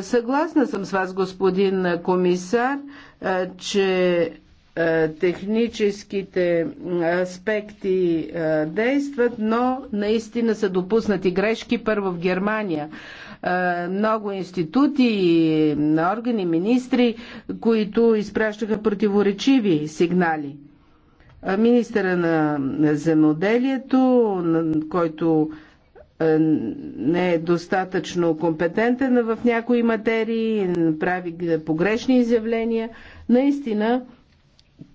Съгласна съм с вас, господин комисар, че е, техническите аспекти е, действат, но наистина са допуснати грешки първо в Германия. Е, много институти, органи, министри, които изпращаха противоречиви сигнали. Министъра на земоделието, който не е достатъчно компетентен в някои материи, прави погрешни изявления. Наистина,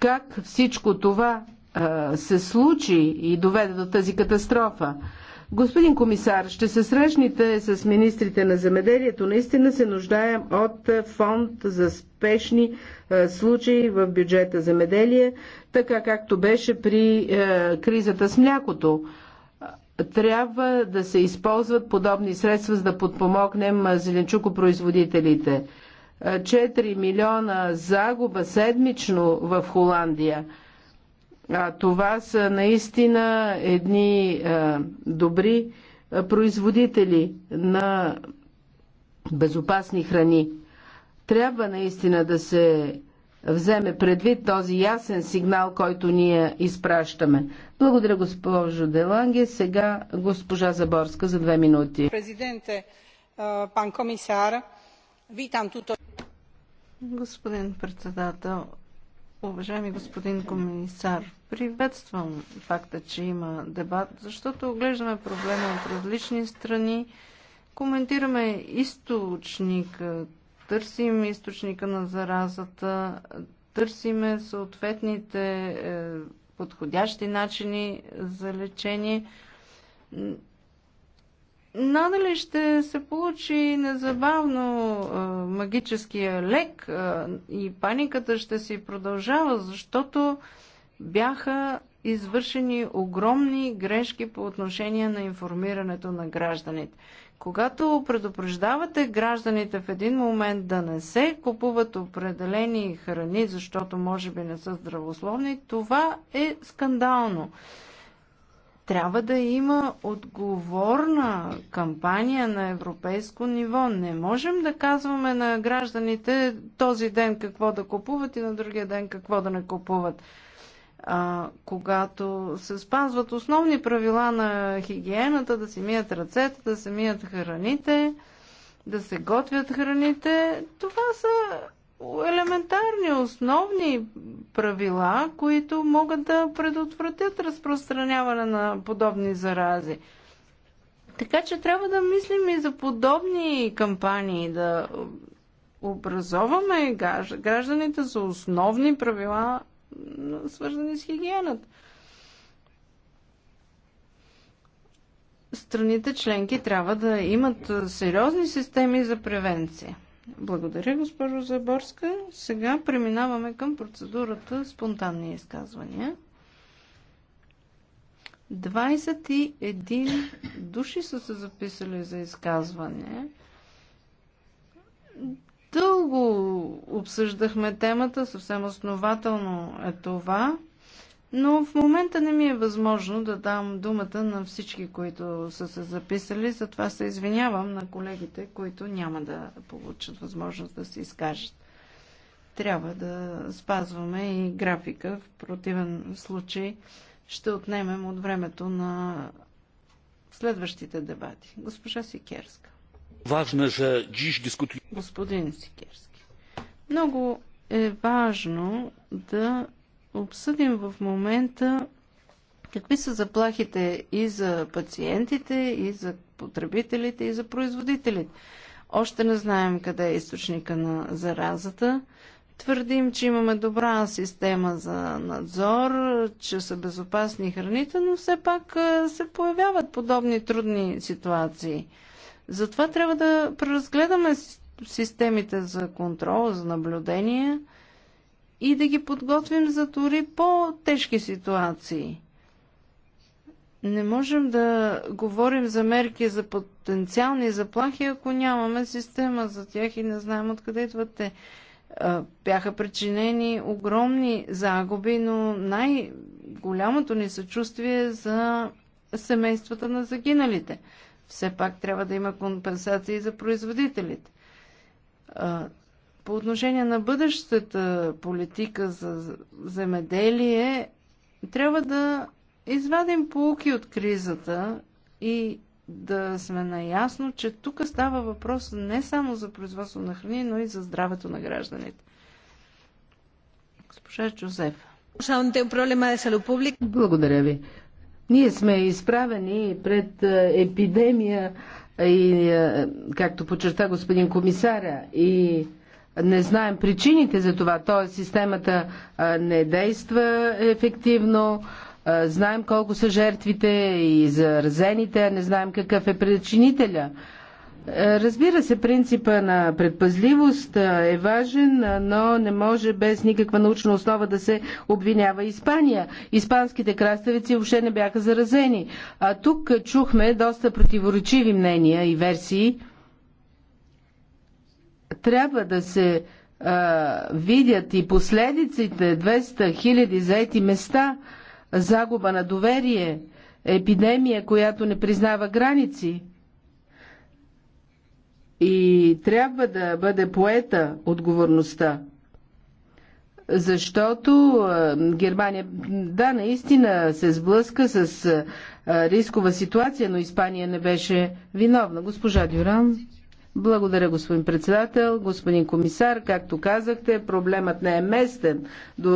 как всичко това а, се случи и доведе до тази катастрофа. Господин комисар, ще се срещнете с министрите на земеделието. Наистина се нуждаем от фонд за спешни а, случаи в бюджета земеделие, така както беше при а, кризата с млякото трябва да се използват подобни средства, за да подпомогнем зеленчукопроизводителите. 4 милиона загуба седмично в Холандия. А това са наистина едни е, добри е, производители на безопасни храни. Трябва наистина да се вземе предвид този ясен сигнал, който ние изпращаме. Благодаря госпожо Деланге. Сега госпожа Заборска за две минути. Президенте, е, пан комисар, витам туто. Господин председател, уважаеми господин комисар, приветствам факта, че има дебат, защото оглеждаме проблема от различни страни, коментираме източника, търсим източника на заразата, търсиме съответните е, подходящи начини за лечение надали ще се получи незабавно а, магическия лек а, и паниката ще си продължава, защото бяха извършени огромни грешки по отношение на информирането на гражданите. Когато предупреждавате гражданите в един момент да не се купуват определени храни, защото може би не са здравословни, това е скандално. Трябва да има отговорна кампания на европейско ниво. Не можем да казваме на гражданите този ден какво да купуват и на другия ден какво да не купуват а, когато се спазват основни правила на хигиената, да се мият ръцете, да се мият храните, да се готвят храните, това са елементарни, основни правила, които могат да предотвратят разпространяване на подобни зарази. Така че трябва да мислим и за подобни кампании, да образоваме гражданите за основни правила, свързани с хигиената. Страните членки трябва да имат сериозни системи за превенция. Благодаря, госпожо Заборска. Сега преминаваме към процедурата спонтанни изказвания. 21 души са се записали за изказване. Дълго обсъждахме темата, съвсем основателно е това. Но в момента не ми е възможно да дам думата на всички, които са се записали, затова се извинявам на колегите, които няма да получат възможност да се изкажат. Трябва да спазваме и графика, в противен случай ще отнемем от времето на следващите дебати. Госпожа Сикерска. Важно е, за джиш дискутирането. Господин Сикерски. Много е важно да обсъдим в момента какви са заплахите и за пациентите, и за потребителите, и за производителите. Още не знаем къде е източника на заразата. Твърдим, че имаме добра система за надзор, че са безопасни храните, но все пак се появяват подобни трудни ситуации. Затова трябва да преразгледаме системите за контрол, за наблюдение – и да ги подготвим за дори по-тежки ситуации. Не можем да говорим за мерки за потенциални заплахи, ако нямаме система за тях и не знаем откъде идват те. Бяха причинени огромни загуби, но най-голямото ни съчувствие за семействата на загиналите. Все пак трябва да има компенсации за производителите по отношение на бъдещата политика за земеделие, трябва да извадим полуки от кризата и да сме наясно, че тук става въпрос не само за производство на храни, но и за здравето на гражданите. Госпожа Джозеф. Благодаря ви. Ние сме изправени пред е, епидемия и, е, както подчерта господин комисаря, и не знаем причините за това, т.е. системата не действа ефективно, знаем колко са жертвите и заразените, а не знаем какъв е причинителя. Разбира се, принципа на предпазливост е важен, но не може без никаква научна основа да се обвинява Испания. Испанските краставици въобще не бяха заразени. А тук чухме доста противоречиви мнения и версии трябва да се а, видят и последиците 200 хиляди заети места, загуба на доверие, епидемия, която не признава граници. И трябва да бъде поета отговорността. Защото Германия, да, наистина се сблъска с рискова ситуация, но Испания не беше виновна. Госпожа Дюран. Благодаря, господин председател. Господин комисар, както казахте, проблемът не е местен,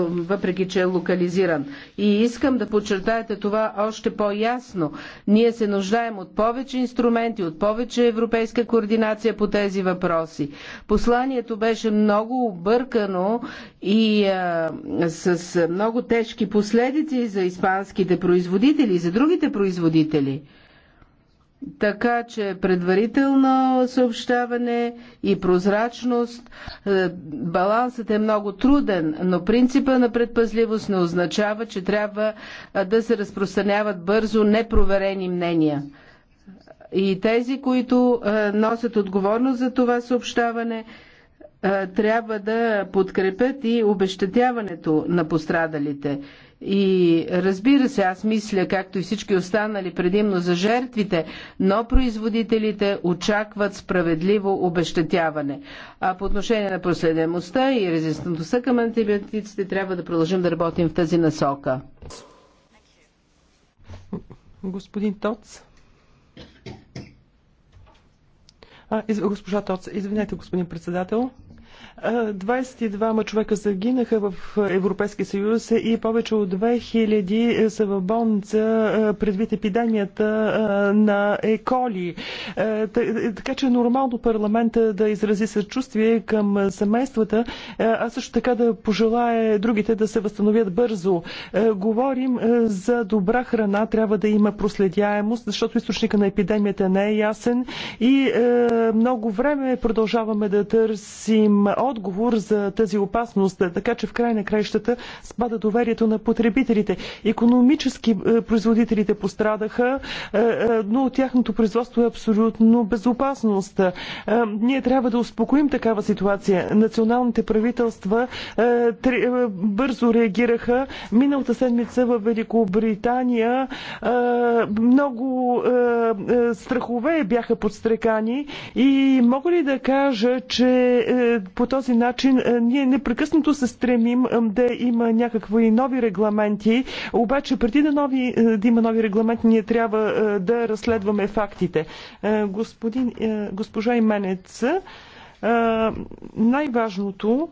въпреки че е локализиран. И искам да подчертаете това още по-ясно. Ние се нуждаем от повече инструменти, от повече европейска координация по тези въпроси. Посланието беше много объркано и а, с много тежки последици за испанските производители и за другите производители. Така че предварително съобщаване и прозрачност, е, балансът е много труден, но принципа на предпазливост не означава, че трябва да се разпространяват бързо непроверени мнения. И тези, които е, носят отговорност за това съобщаване, трябва да подкрепят и обещетяването на пострадалите. И разбира се, аз мисля, както и всички останали, предимно за жертвите, но производителите очакват справедливо обещетяване. А по отношение на проследемостта и резистентността към антибиотиците, трябва да продължим да работим в тази насока. Господин Тоц. А, из, госпожа Тоц, извинете, господин председател. 22 човека загинаха в Европейския съюз и повече от 2000 са в болница предвид епидемията на еколи. Така че е нормално парламента да изрази съчувствие към семействата, а също така да пожелае другите да се възстановят бързо. Говорим за добра храна, трябва да има проследяемост, защото източника на епидемията не е ясен и много време продължаваме да търсим отговор за тази опасност, така че в край на краищата спада доверието на потребителите. Економически е, производителите пострадаха, е, е, но тяхното производство е абсолютно безопасност. Ние трябва да успокоим такава ситуация. Националните правителства бързо реагираха. Миналата седмица в Великобритания много страхове бяха подстрекани и мога ли да кажа, че по този този начин е, ние непрекъснато се стремим е, да има някакви нови регламенти, обаче преди да, нови, е, да има нови регламенти, ние трябва да разследваме фактите. Господин, госпожа Именец, най-важното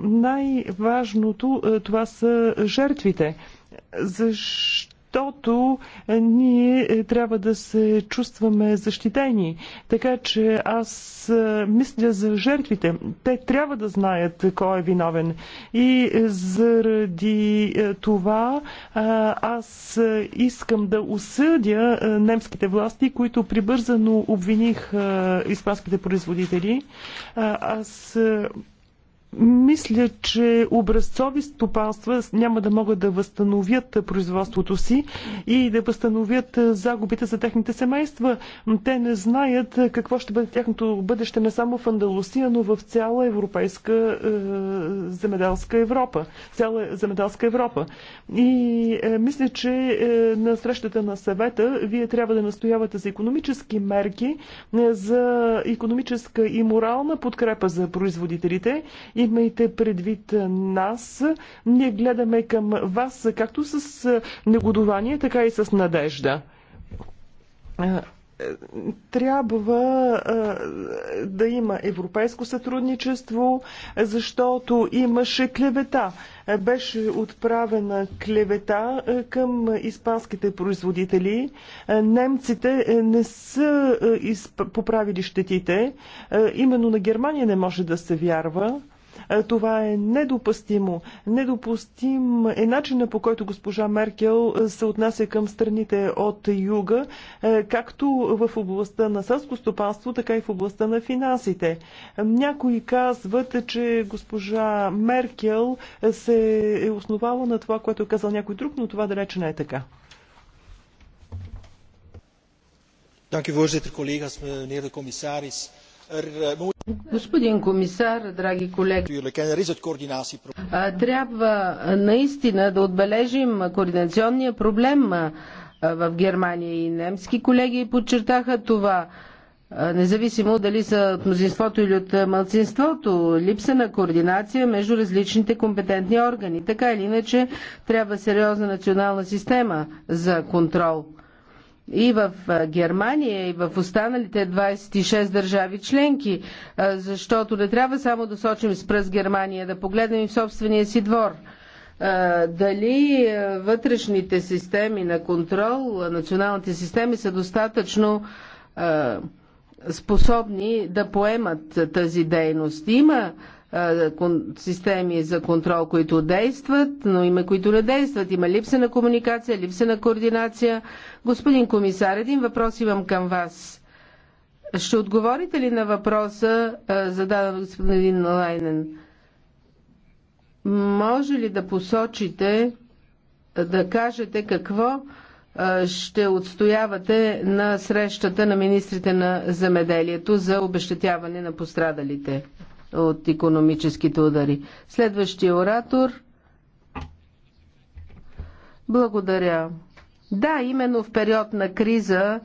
най-важното това са жертвите. Защо? защото е, ние е, трябва да се чувстваме защитени. Така че аз е, мисля за жертвите. Те трябва да знаят кой е виновен. И заради това аз искам да осъдя немските власти, които прибързано обвиних испанските производители. Аз мисля, че образцови стопанства няма да могат да възстановят производството си и да възстановят загубите за техните семейства. Те не знаят какво ще бъде тяхното бъдеще не само в Андалусия, но в цяла европейска е, земеделска Европа. Цяла земеделска Европа. И е, мисля, че е, на срещата на съвета вие трябва да настоявате за економически мерки, е, за економическа и морална подкрепа за производителите Имайте предвид нас. Ние гледаме към вас както с негодование, така и с надежда е, трябва да има европейско сътрудничество, защото имаше клевета. Е, беше отправена клевета е, към испанските производители. Немците не са изп... поправили щетите. Именно на Германия не може да се вярва. Е, това е недопустимо. Недопустим е начина по който госпожа Меркел е, се отнася към страните от юга, е, както в областта на селско стопанство, така и в областта на финансите. Някои казват, че госпожа Меркел се е основала на това, което е казал някой друг, но това далеч не е така. Dank u voorzitter, collega's, meneer de commissaris. Er, uh, Господин комисар, драги колеги, трябва наистина да отбележим координационния проблем в Германия и немски колеги подчертаха това. Независимо дали са от мнозинството или от мълцинството, липса на координация между различните компетентни органи. Така или иначе, трябва сериозна национална система за контрол и в Германия, и в останалите 26 държави членки, защото не трябва само да сочим с пръст Германия, да погледнем и в собствения си двор. Дали вътрешните системи на контрол, националните системи са достатъчно способни да поемат тази дейност. Има системи за контрол, които действат, но има които не действат. Има липса на комуникация, липса на координация. Господин комисар, един въпрос имам към вас. Ще отговорите ли на въпроса, зададен господин Лайнен? Може ли да посочите, да кажете какво ще отстоявате на срещата на министрите на земеделието за обещетяване на пострадалите? от економическите удари. Следващия оратор. Благодаря. Да, именно в период на криза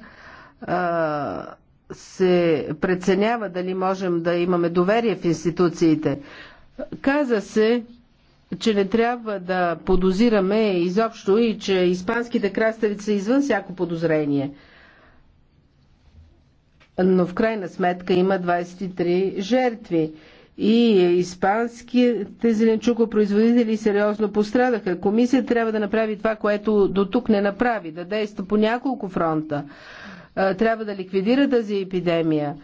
а, се преценява дали можем да имаме доверие в институциите. Каза се, че не трябва да подозираме изобщо и че испанските краставици са извън всяко подозрение. Но в крайна сметка има 23 жертви и испанските зеленчукопроизводители сериозно пострадаха. Комисията трябва да направи това, което до тук не направи, да действа по няколко фронта. Трябва да ликвидира тази епидемия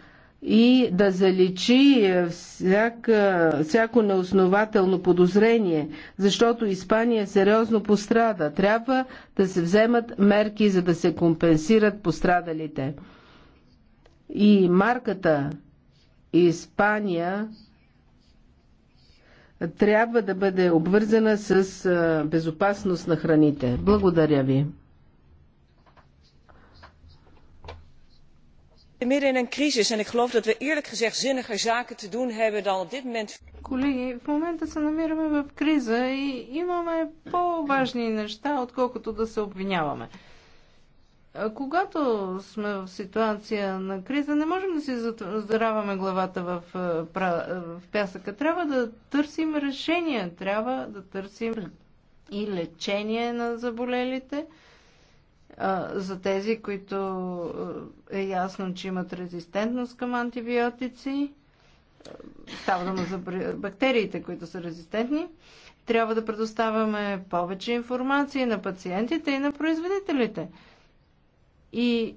и да заличи всяка, всяко неоснователно подозрение, защото Испания сериозно пострада. Трябва да се вземат мерки, за да се компенсират пострадалите. И марката Испания трябва да бъде обвързана с безопасност на храните. Благодаря ви. midden in een crisis en ik geloof dat we eerlijk gezegd zinniger zaken te doen hebben dan op dit moment. Колеги, в момента се намираме в криза и имаме по-важни неща, отколкото да се обвиняваме. Когато сме в ситуация на криза, не можем да си зараваме главата в, в пясъка. Трябва да търсим решения, трябва да търсим и лечение на заболелите. За тези, които е ясно, че имат резистентност към антибиотици, става дума за бактериите, които са резистентни, трябва да предоставяме повече информации на пациентите и на производителите. И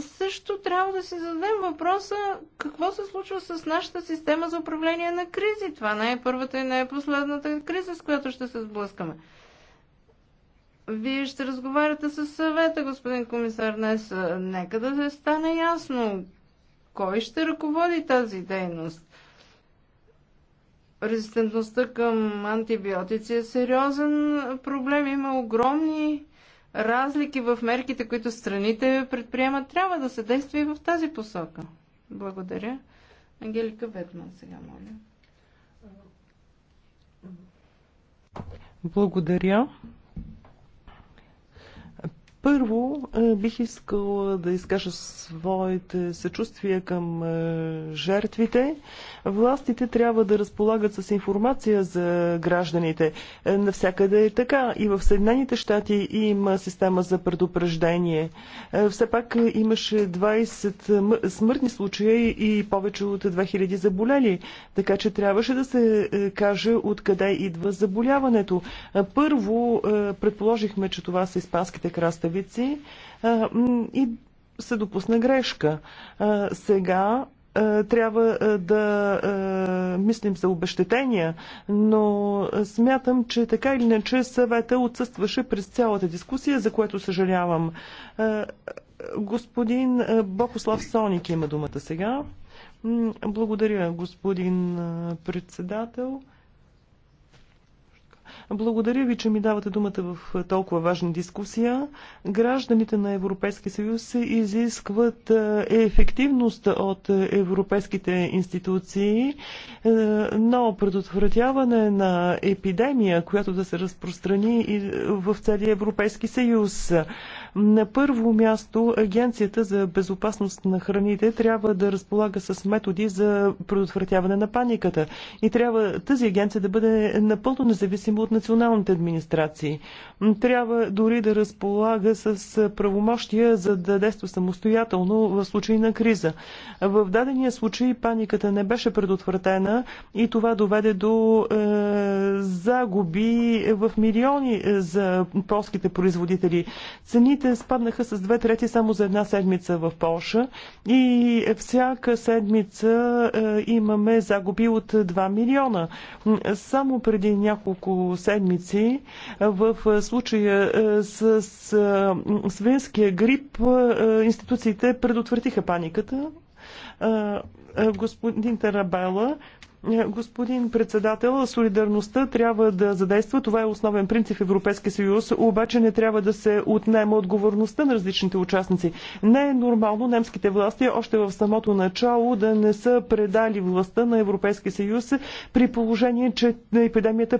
също трябва да си зададем въпроса какво се случва с нашата система за управление на кризи. Това не е първата и не е последната криза, с която ще се сблъскаме. Вие ще разговаряте с съвета, господин комисар, днес. Нека да се стане ясно кой ще ръководи тази дейност. Резистентността към антибиотици е сериозен проблем. Има огромни разлики в мерките, които страните предприемат, трябва да се действа и в тази посока. Благодаря. Ангелика Ветман сега, моля. Благодаря. Първо, е, бих искала да изкажа своите съчувствия към е, жертвите. Властите трябва да разполагат с информация за гражданите. Е, навсякъде е така. И в Съединените щати има система за предупреждение. Все пак имаше 20 смъртни случаи и повече от 2000 заболели. Така че трябваше да се каже откъде идва заболяването. Първо, предположихме, че това са испанските краставици седмици и се допусна грешка. Сега трябва да мислим за обещетения, но смятам, че така или иначе съвета отсъстваше през цялата дискусия, за което съжалявам. Господин Бокослав Соник има думата сега. Благодаря, господин председател. Благодаря ви, че ми давате думата в толкова важна дискусия. Гражданите на Европейски съюз изискват е, ефективност от европейските институции, е, но предотвратяване на епидемия, която да се разпространи в целия Европейски съюз. На първо място, Агенцията за безопасност на храните трябва да разполага с методи за предотвратяване на паниката и трябва тази агенция да бъде напълно независима от националните администрации. Трябва дори да разполага с правомощия за да действа самостоятелно в случай на криза. В дадения случай паниката не беше предотвратена и това доведе до е, загуби в милиони за полските производители. Цените Цените спаднаха с две трети само за една седмица в Польша и всяка седмица е, имаме загуби от 2 милиона. Само преди няколко седмици е, в случая е, с свинския грип институциите предотвратиха паниката. Господин Тарабела, Господин председател, солидарността трябва да задейства. Това е основен принцип в Европейския съюз, обаче не трябва да се отнема отговорността на различните участници. Не е нормално немските власти още в самото начало да не са предали властта на Европейския съюз при положение, че епидемията е,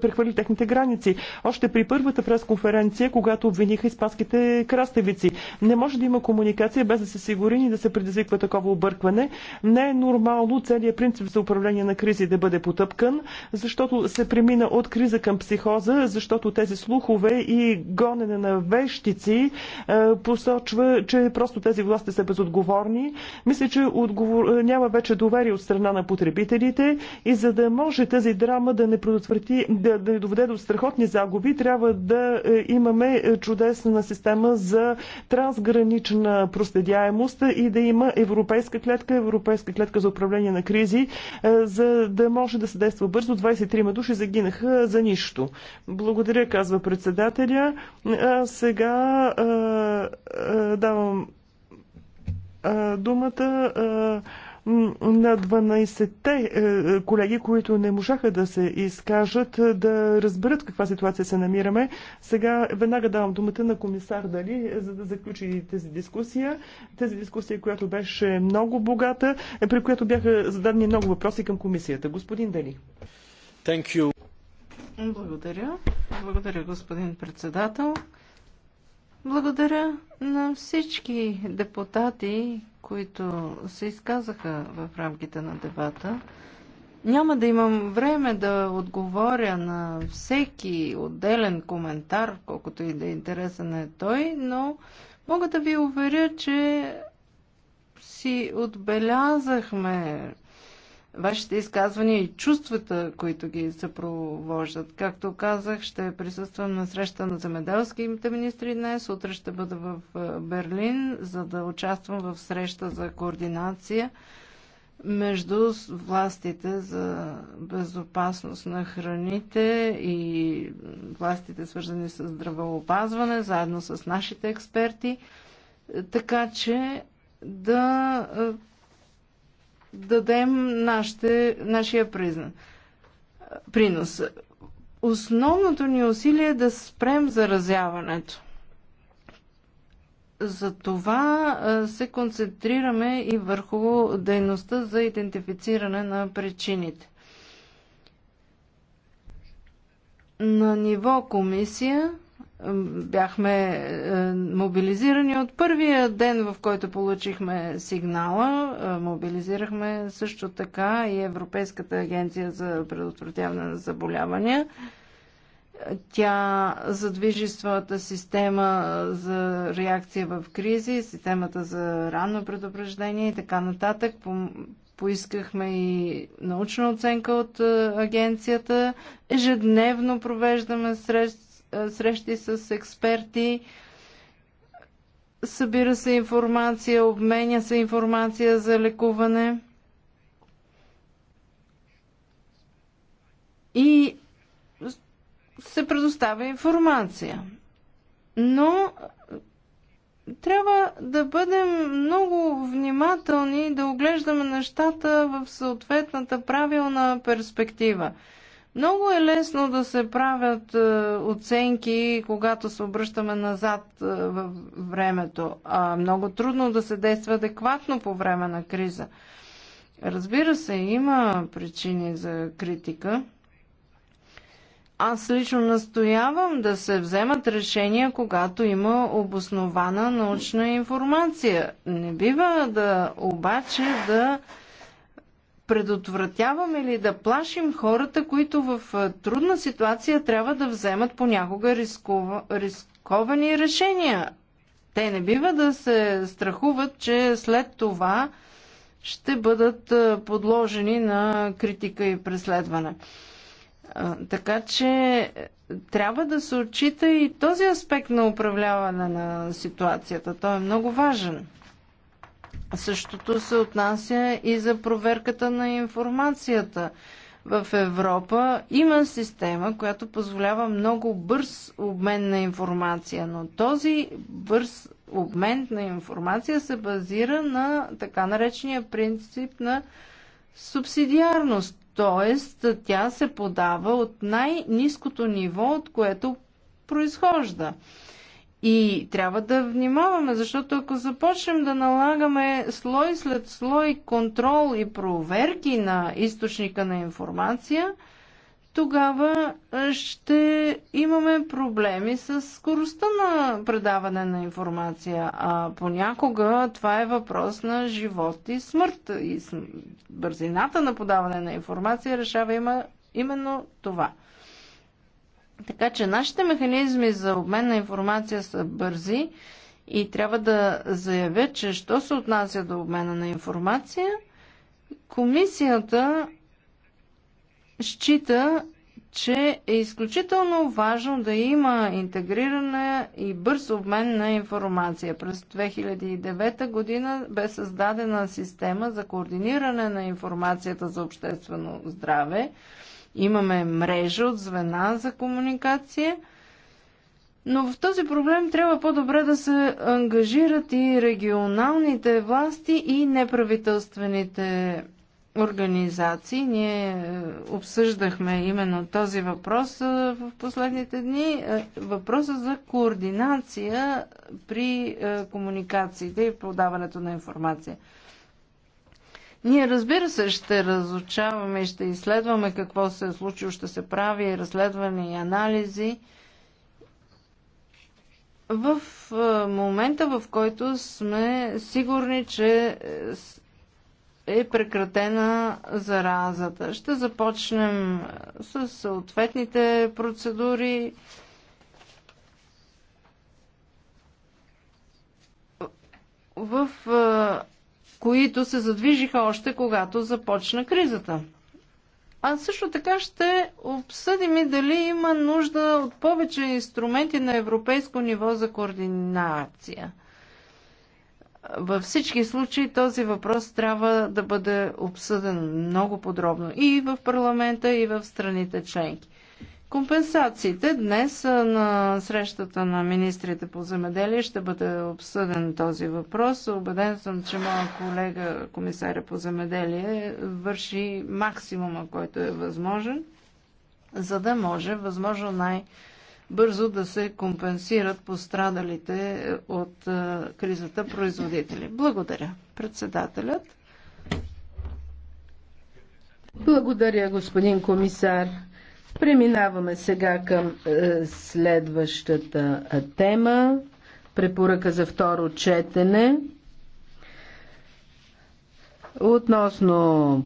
прехвърли техните граници. Още при първата пресконференция, когато обвиниха испанските краставици. Не може да има комуникация без да се сигурини да се предизвиква такова объркване. Не е нормално целият принцип за управление на кризи да бъде потъпкан, защото се премина от криза към психоза, защото тези слухове и гонене на вещици е, посочва, че просто тези власти са безотговорни. Мисля, че отговор... Е, няма вече доверие от страна на потребителите и за да може тази драма да не предотврати, да, да не доведе до страхотни загуби, трябва да е, имаме чудесна система за трансгранична проследяемост и да има европейска клетка, европейска клетка за управление на кризи, е, за да може да се действа бързо. 23 души загинаха за нищо. Благодаря, казва председателя. А сега а, е, а, е, давам а, думата. А, на 12-те е, колеги, които не можаха да се изкажат, е, да разберат каква ситуация се намираме. Сега веднага давам думата на комисар Дали, е, за да заключи тази дискусия. Тази дискусия, която беше много богата, при която бяха зададени много въпроси към комисията. Господин Дали. Thank you. Благодаря. Благодаря, господин председател. Благодаря на всички депутати, които се изказаха в рамките на дебата. Няма да имам време да отговоря на всеки отделен коментар, колкото и да е интересен е той, но мога да ви уверя, че си отбелязахме вашите изказвания и чувствата, които ги съпровождат. Както казах, ще присъствам на среща на замеделските министри днес. Утре ще бъда в Берлин, за да участвам в среща за координация между властите за безопасност на храните и властите свързани с здравеопазване, заедно с нашите експерти, така че да дадем нашите, нашия призна, принос. Основното ни усилие е да спрем заразяването. За това се концентрираме и върху дейността за идентифициране на причините. На ниво комисия бяхме е, мобилизирани от първия ден, в който получихме сигнала. Е, мобилизирахме също така и Европейската агенция за предотвратяване на заболявания. Тя задвижи своята система за реакция в кризи, системата за ранно предупреждение и така нататък. Поискахме и научна оценка от е, агенцията. Ежедневно провеждаме срещи срещи с експерти, събира се информация, обменя се информация за лекуване. И се предоставя информация. Но трябва да бъдем много внимателни да оглеждаме нещата в съответната правилна перспектива – много е лесно да се правят е, оценки, когато се обръщаме назад във е, времето, а много трудно да се действа адекватно по време на криза. Разбира се, има причини за критика. Аз лично настоявам да се вземат решения, когато има обоснована научна информация. Не бива да обаче да предотвратяваме ли да плашим хората, които в трудна ситуация трябва да вземат понякога рискова, рисковани решения. Те не бива да се страхуват, че след това ще бъдат подложени на критика и преследване. Така че е, трябва да се отчита и този аспект на управляване на ситуацията. Той е много важен. Същото се отнася и за проверката на информацията. В Европа има система, която позволява много бърз обмен на информация, но този бърз обмен на информация се базира на така наречения принцип на субсидиарност. Тоест, тя се подава от най-низкото ниво, от което произхожда. И трябва да внимаваме, защото ако започнем да налагаме слой след слой контрол и проверки на източника на информация, тогава ще имаме проблеми с скоростта на предаване на информация. А понякога това е въпрос на живот и смърт. И бързината на подаване на информация решава има именно това. Така че нашите механизми за обмен на информация са бързи и трябва да заявя, че що се отнася до обмена на информация, комисията счита, че е изключително важно да има интегрирана и бърз обмен на информация. През 2009 година бе създадена система за координиране на информацията за обществено здраве – Имаме мрежа от звена за комуникация, но в този проблем трябва по-добре да се ангажират и регионалните власти и неправителствените организации. Ние е, обсъждахме именно този въпрос е, в последните дни. Е, въпроса за координация при комуникациите и подаването на информация. Ние разбира се ще разучаваме и ще изследваме какво се е случило, ще се прави разследване и анализи. В е, момента, в който сме сигурни, че е, е прекратена заразата. Ще започнем е, с съответните процедури. В които се задвижиха още когато започна кризата. А също така ще обсъдим и дали има нужда от повече инструменти на европейско ниво за координация. Във всички случаи този въпрос трябва да бъде обсъден много подробно и в парламента, и в страните членки. Компенсациите днес на срещата на министрите по земеделие ще бъде обсъден този въпрос. Обеден съм, че моя колега, комисаря по земеделие, върши максимума, който е възможен, за да може, възможно най-бързо да се компенсират пострадалите от кризата производители. Благодаря, председателят. Благодаря, господин комисар. Преминаваме сега към е, следващата е, тема. Препоръка за второ четене относно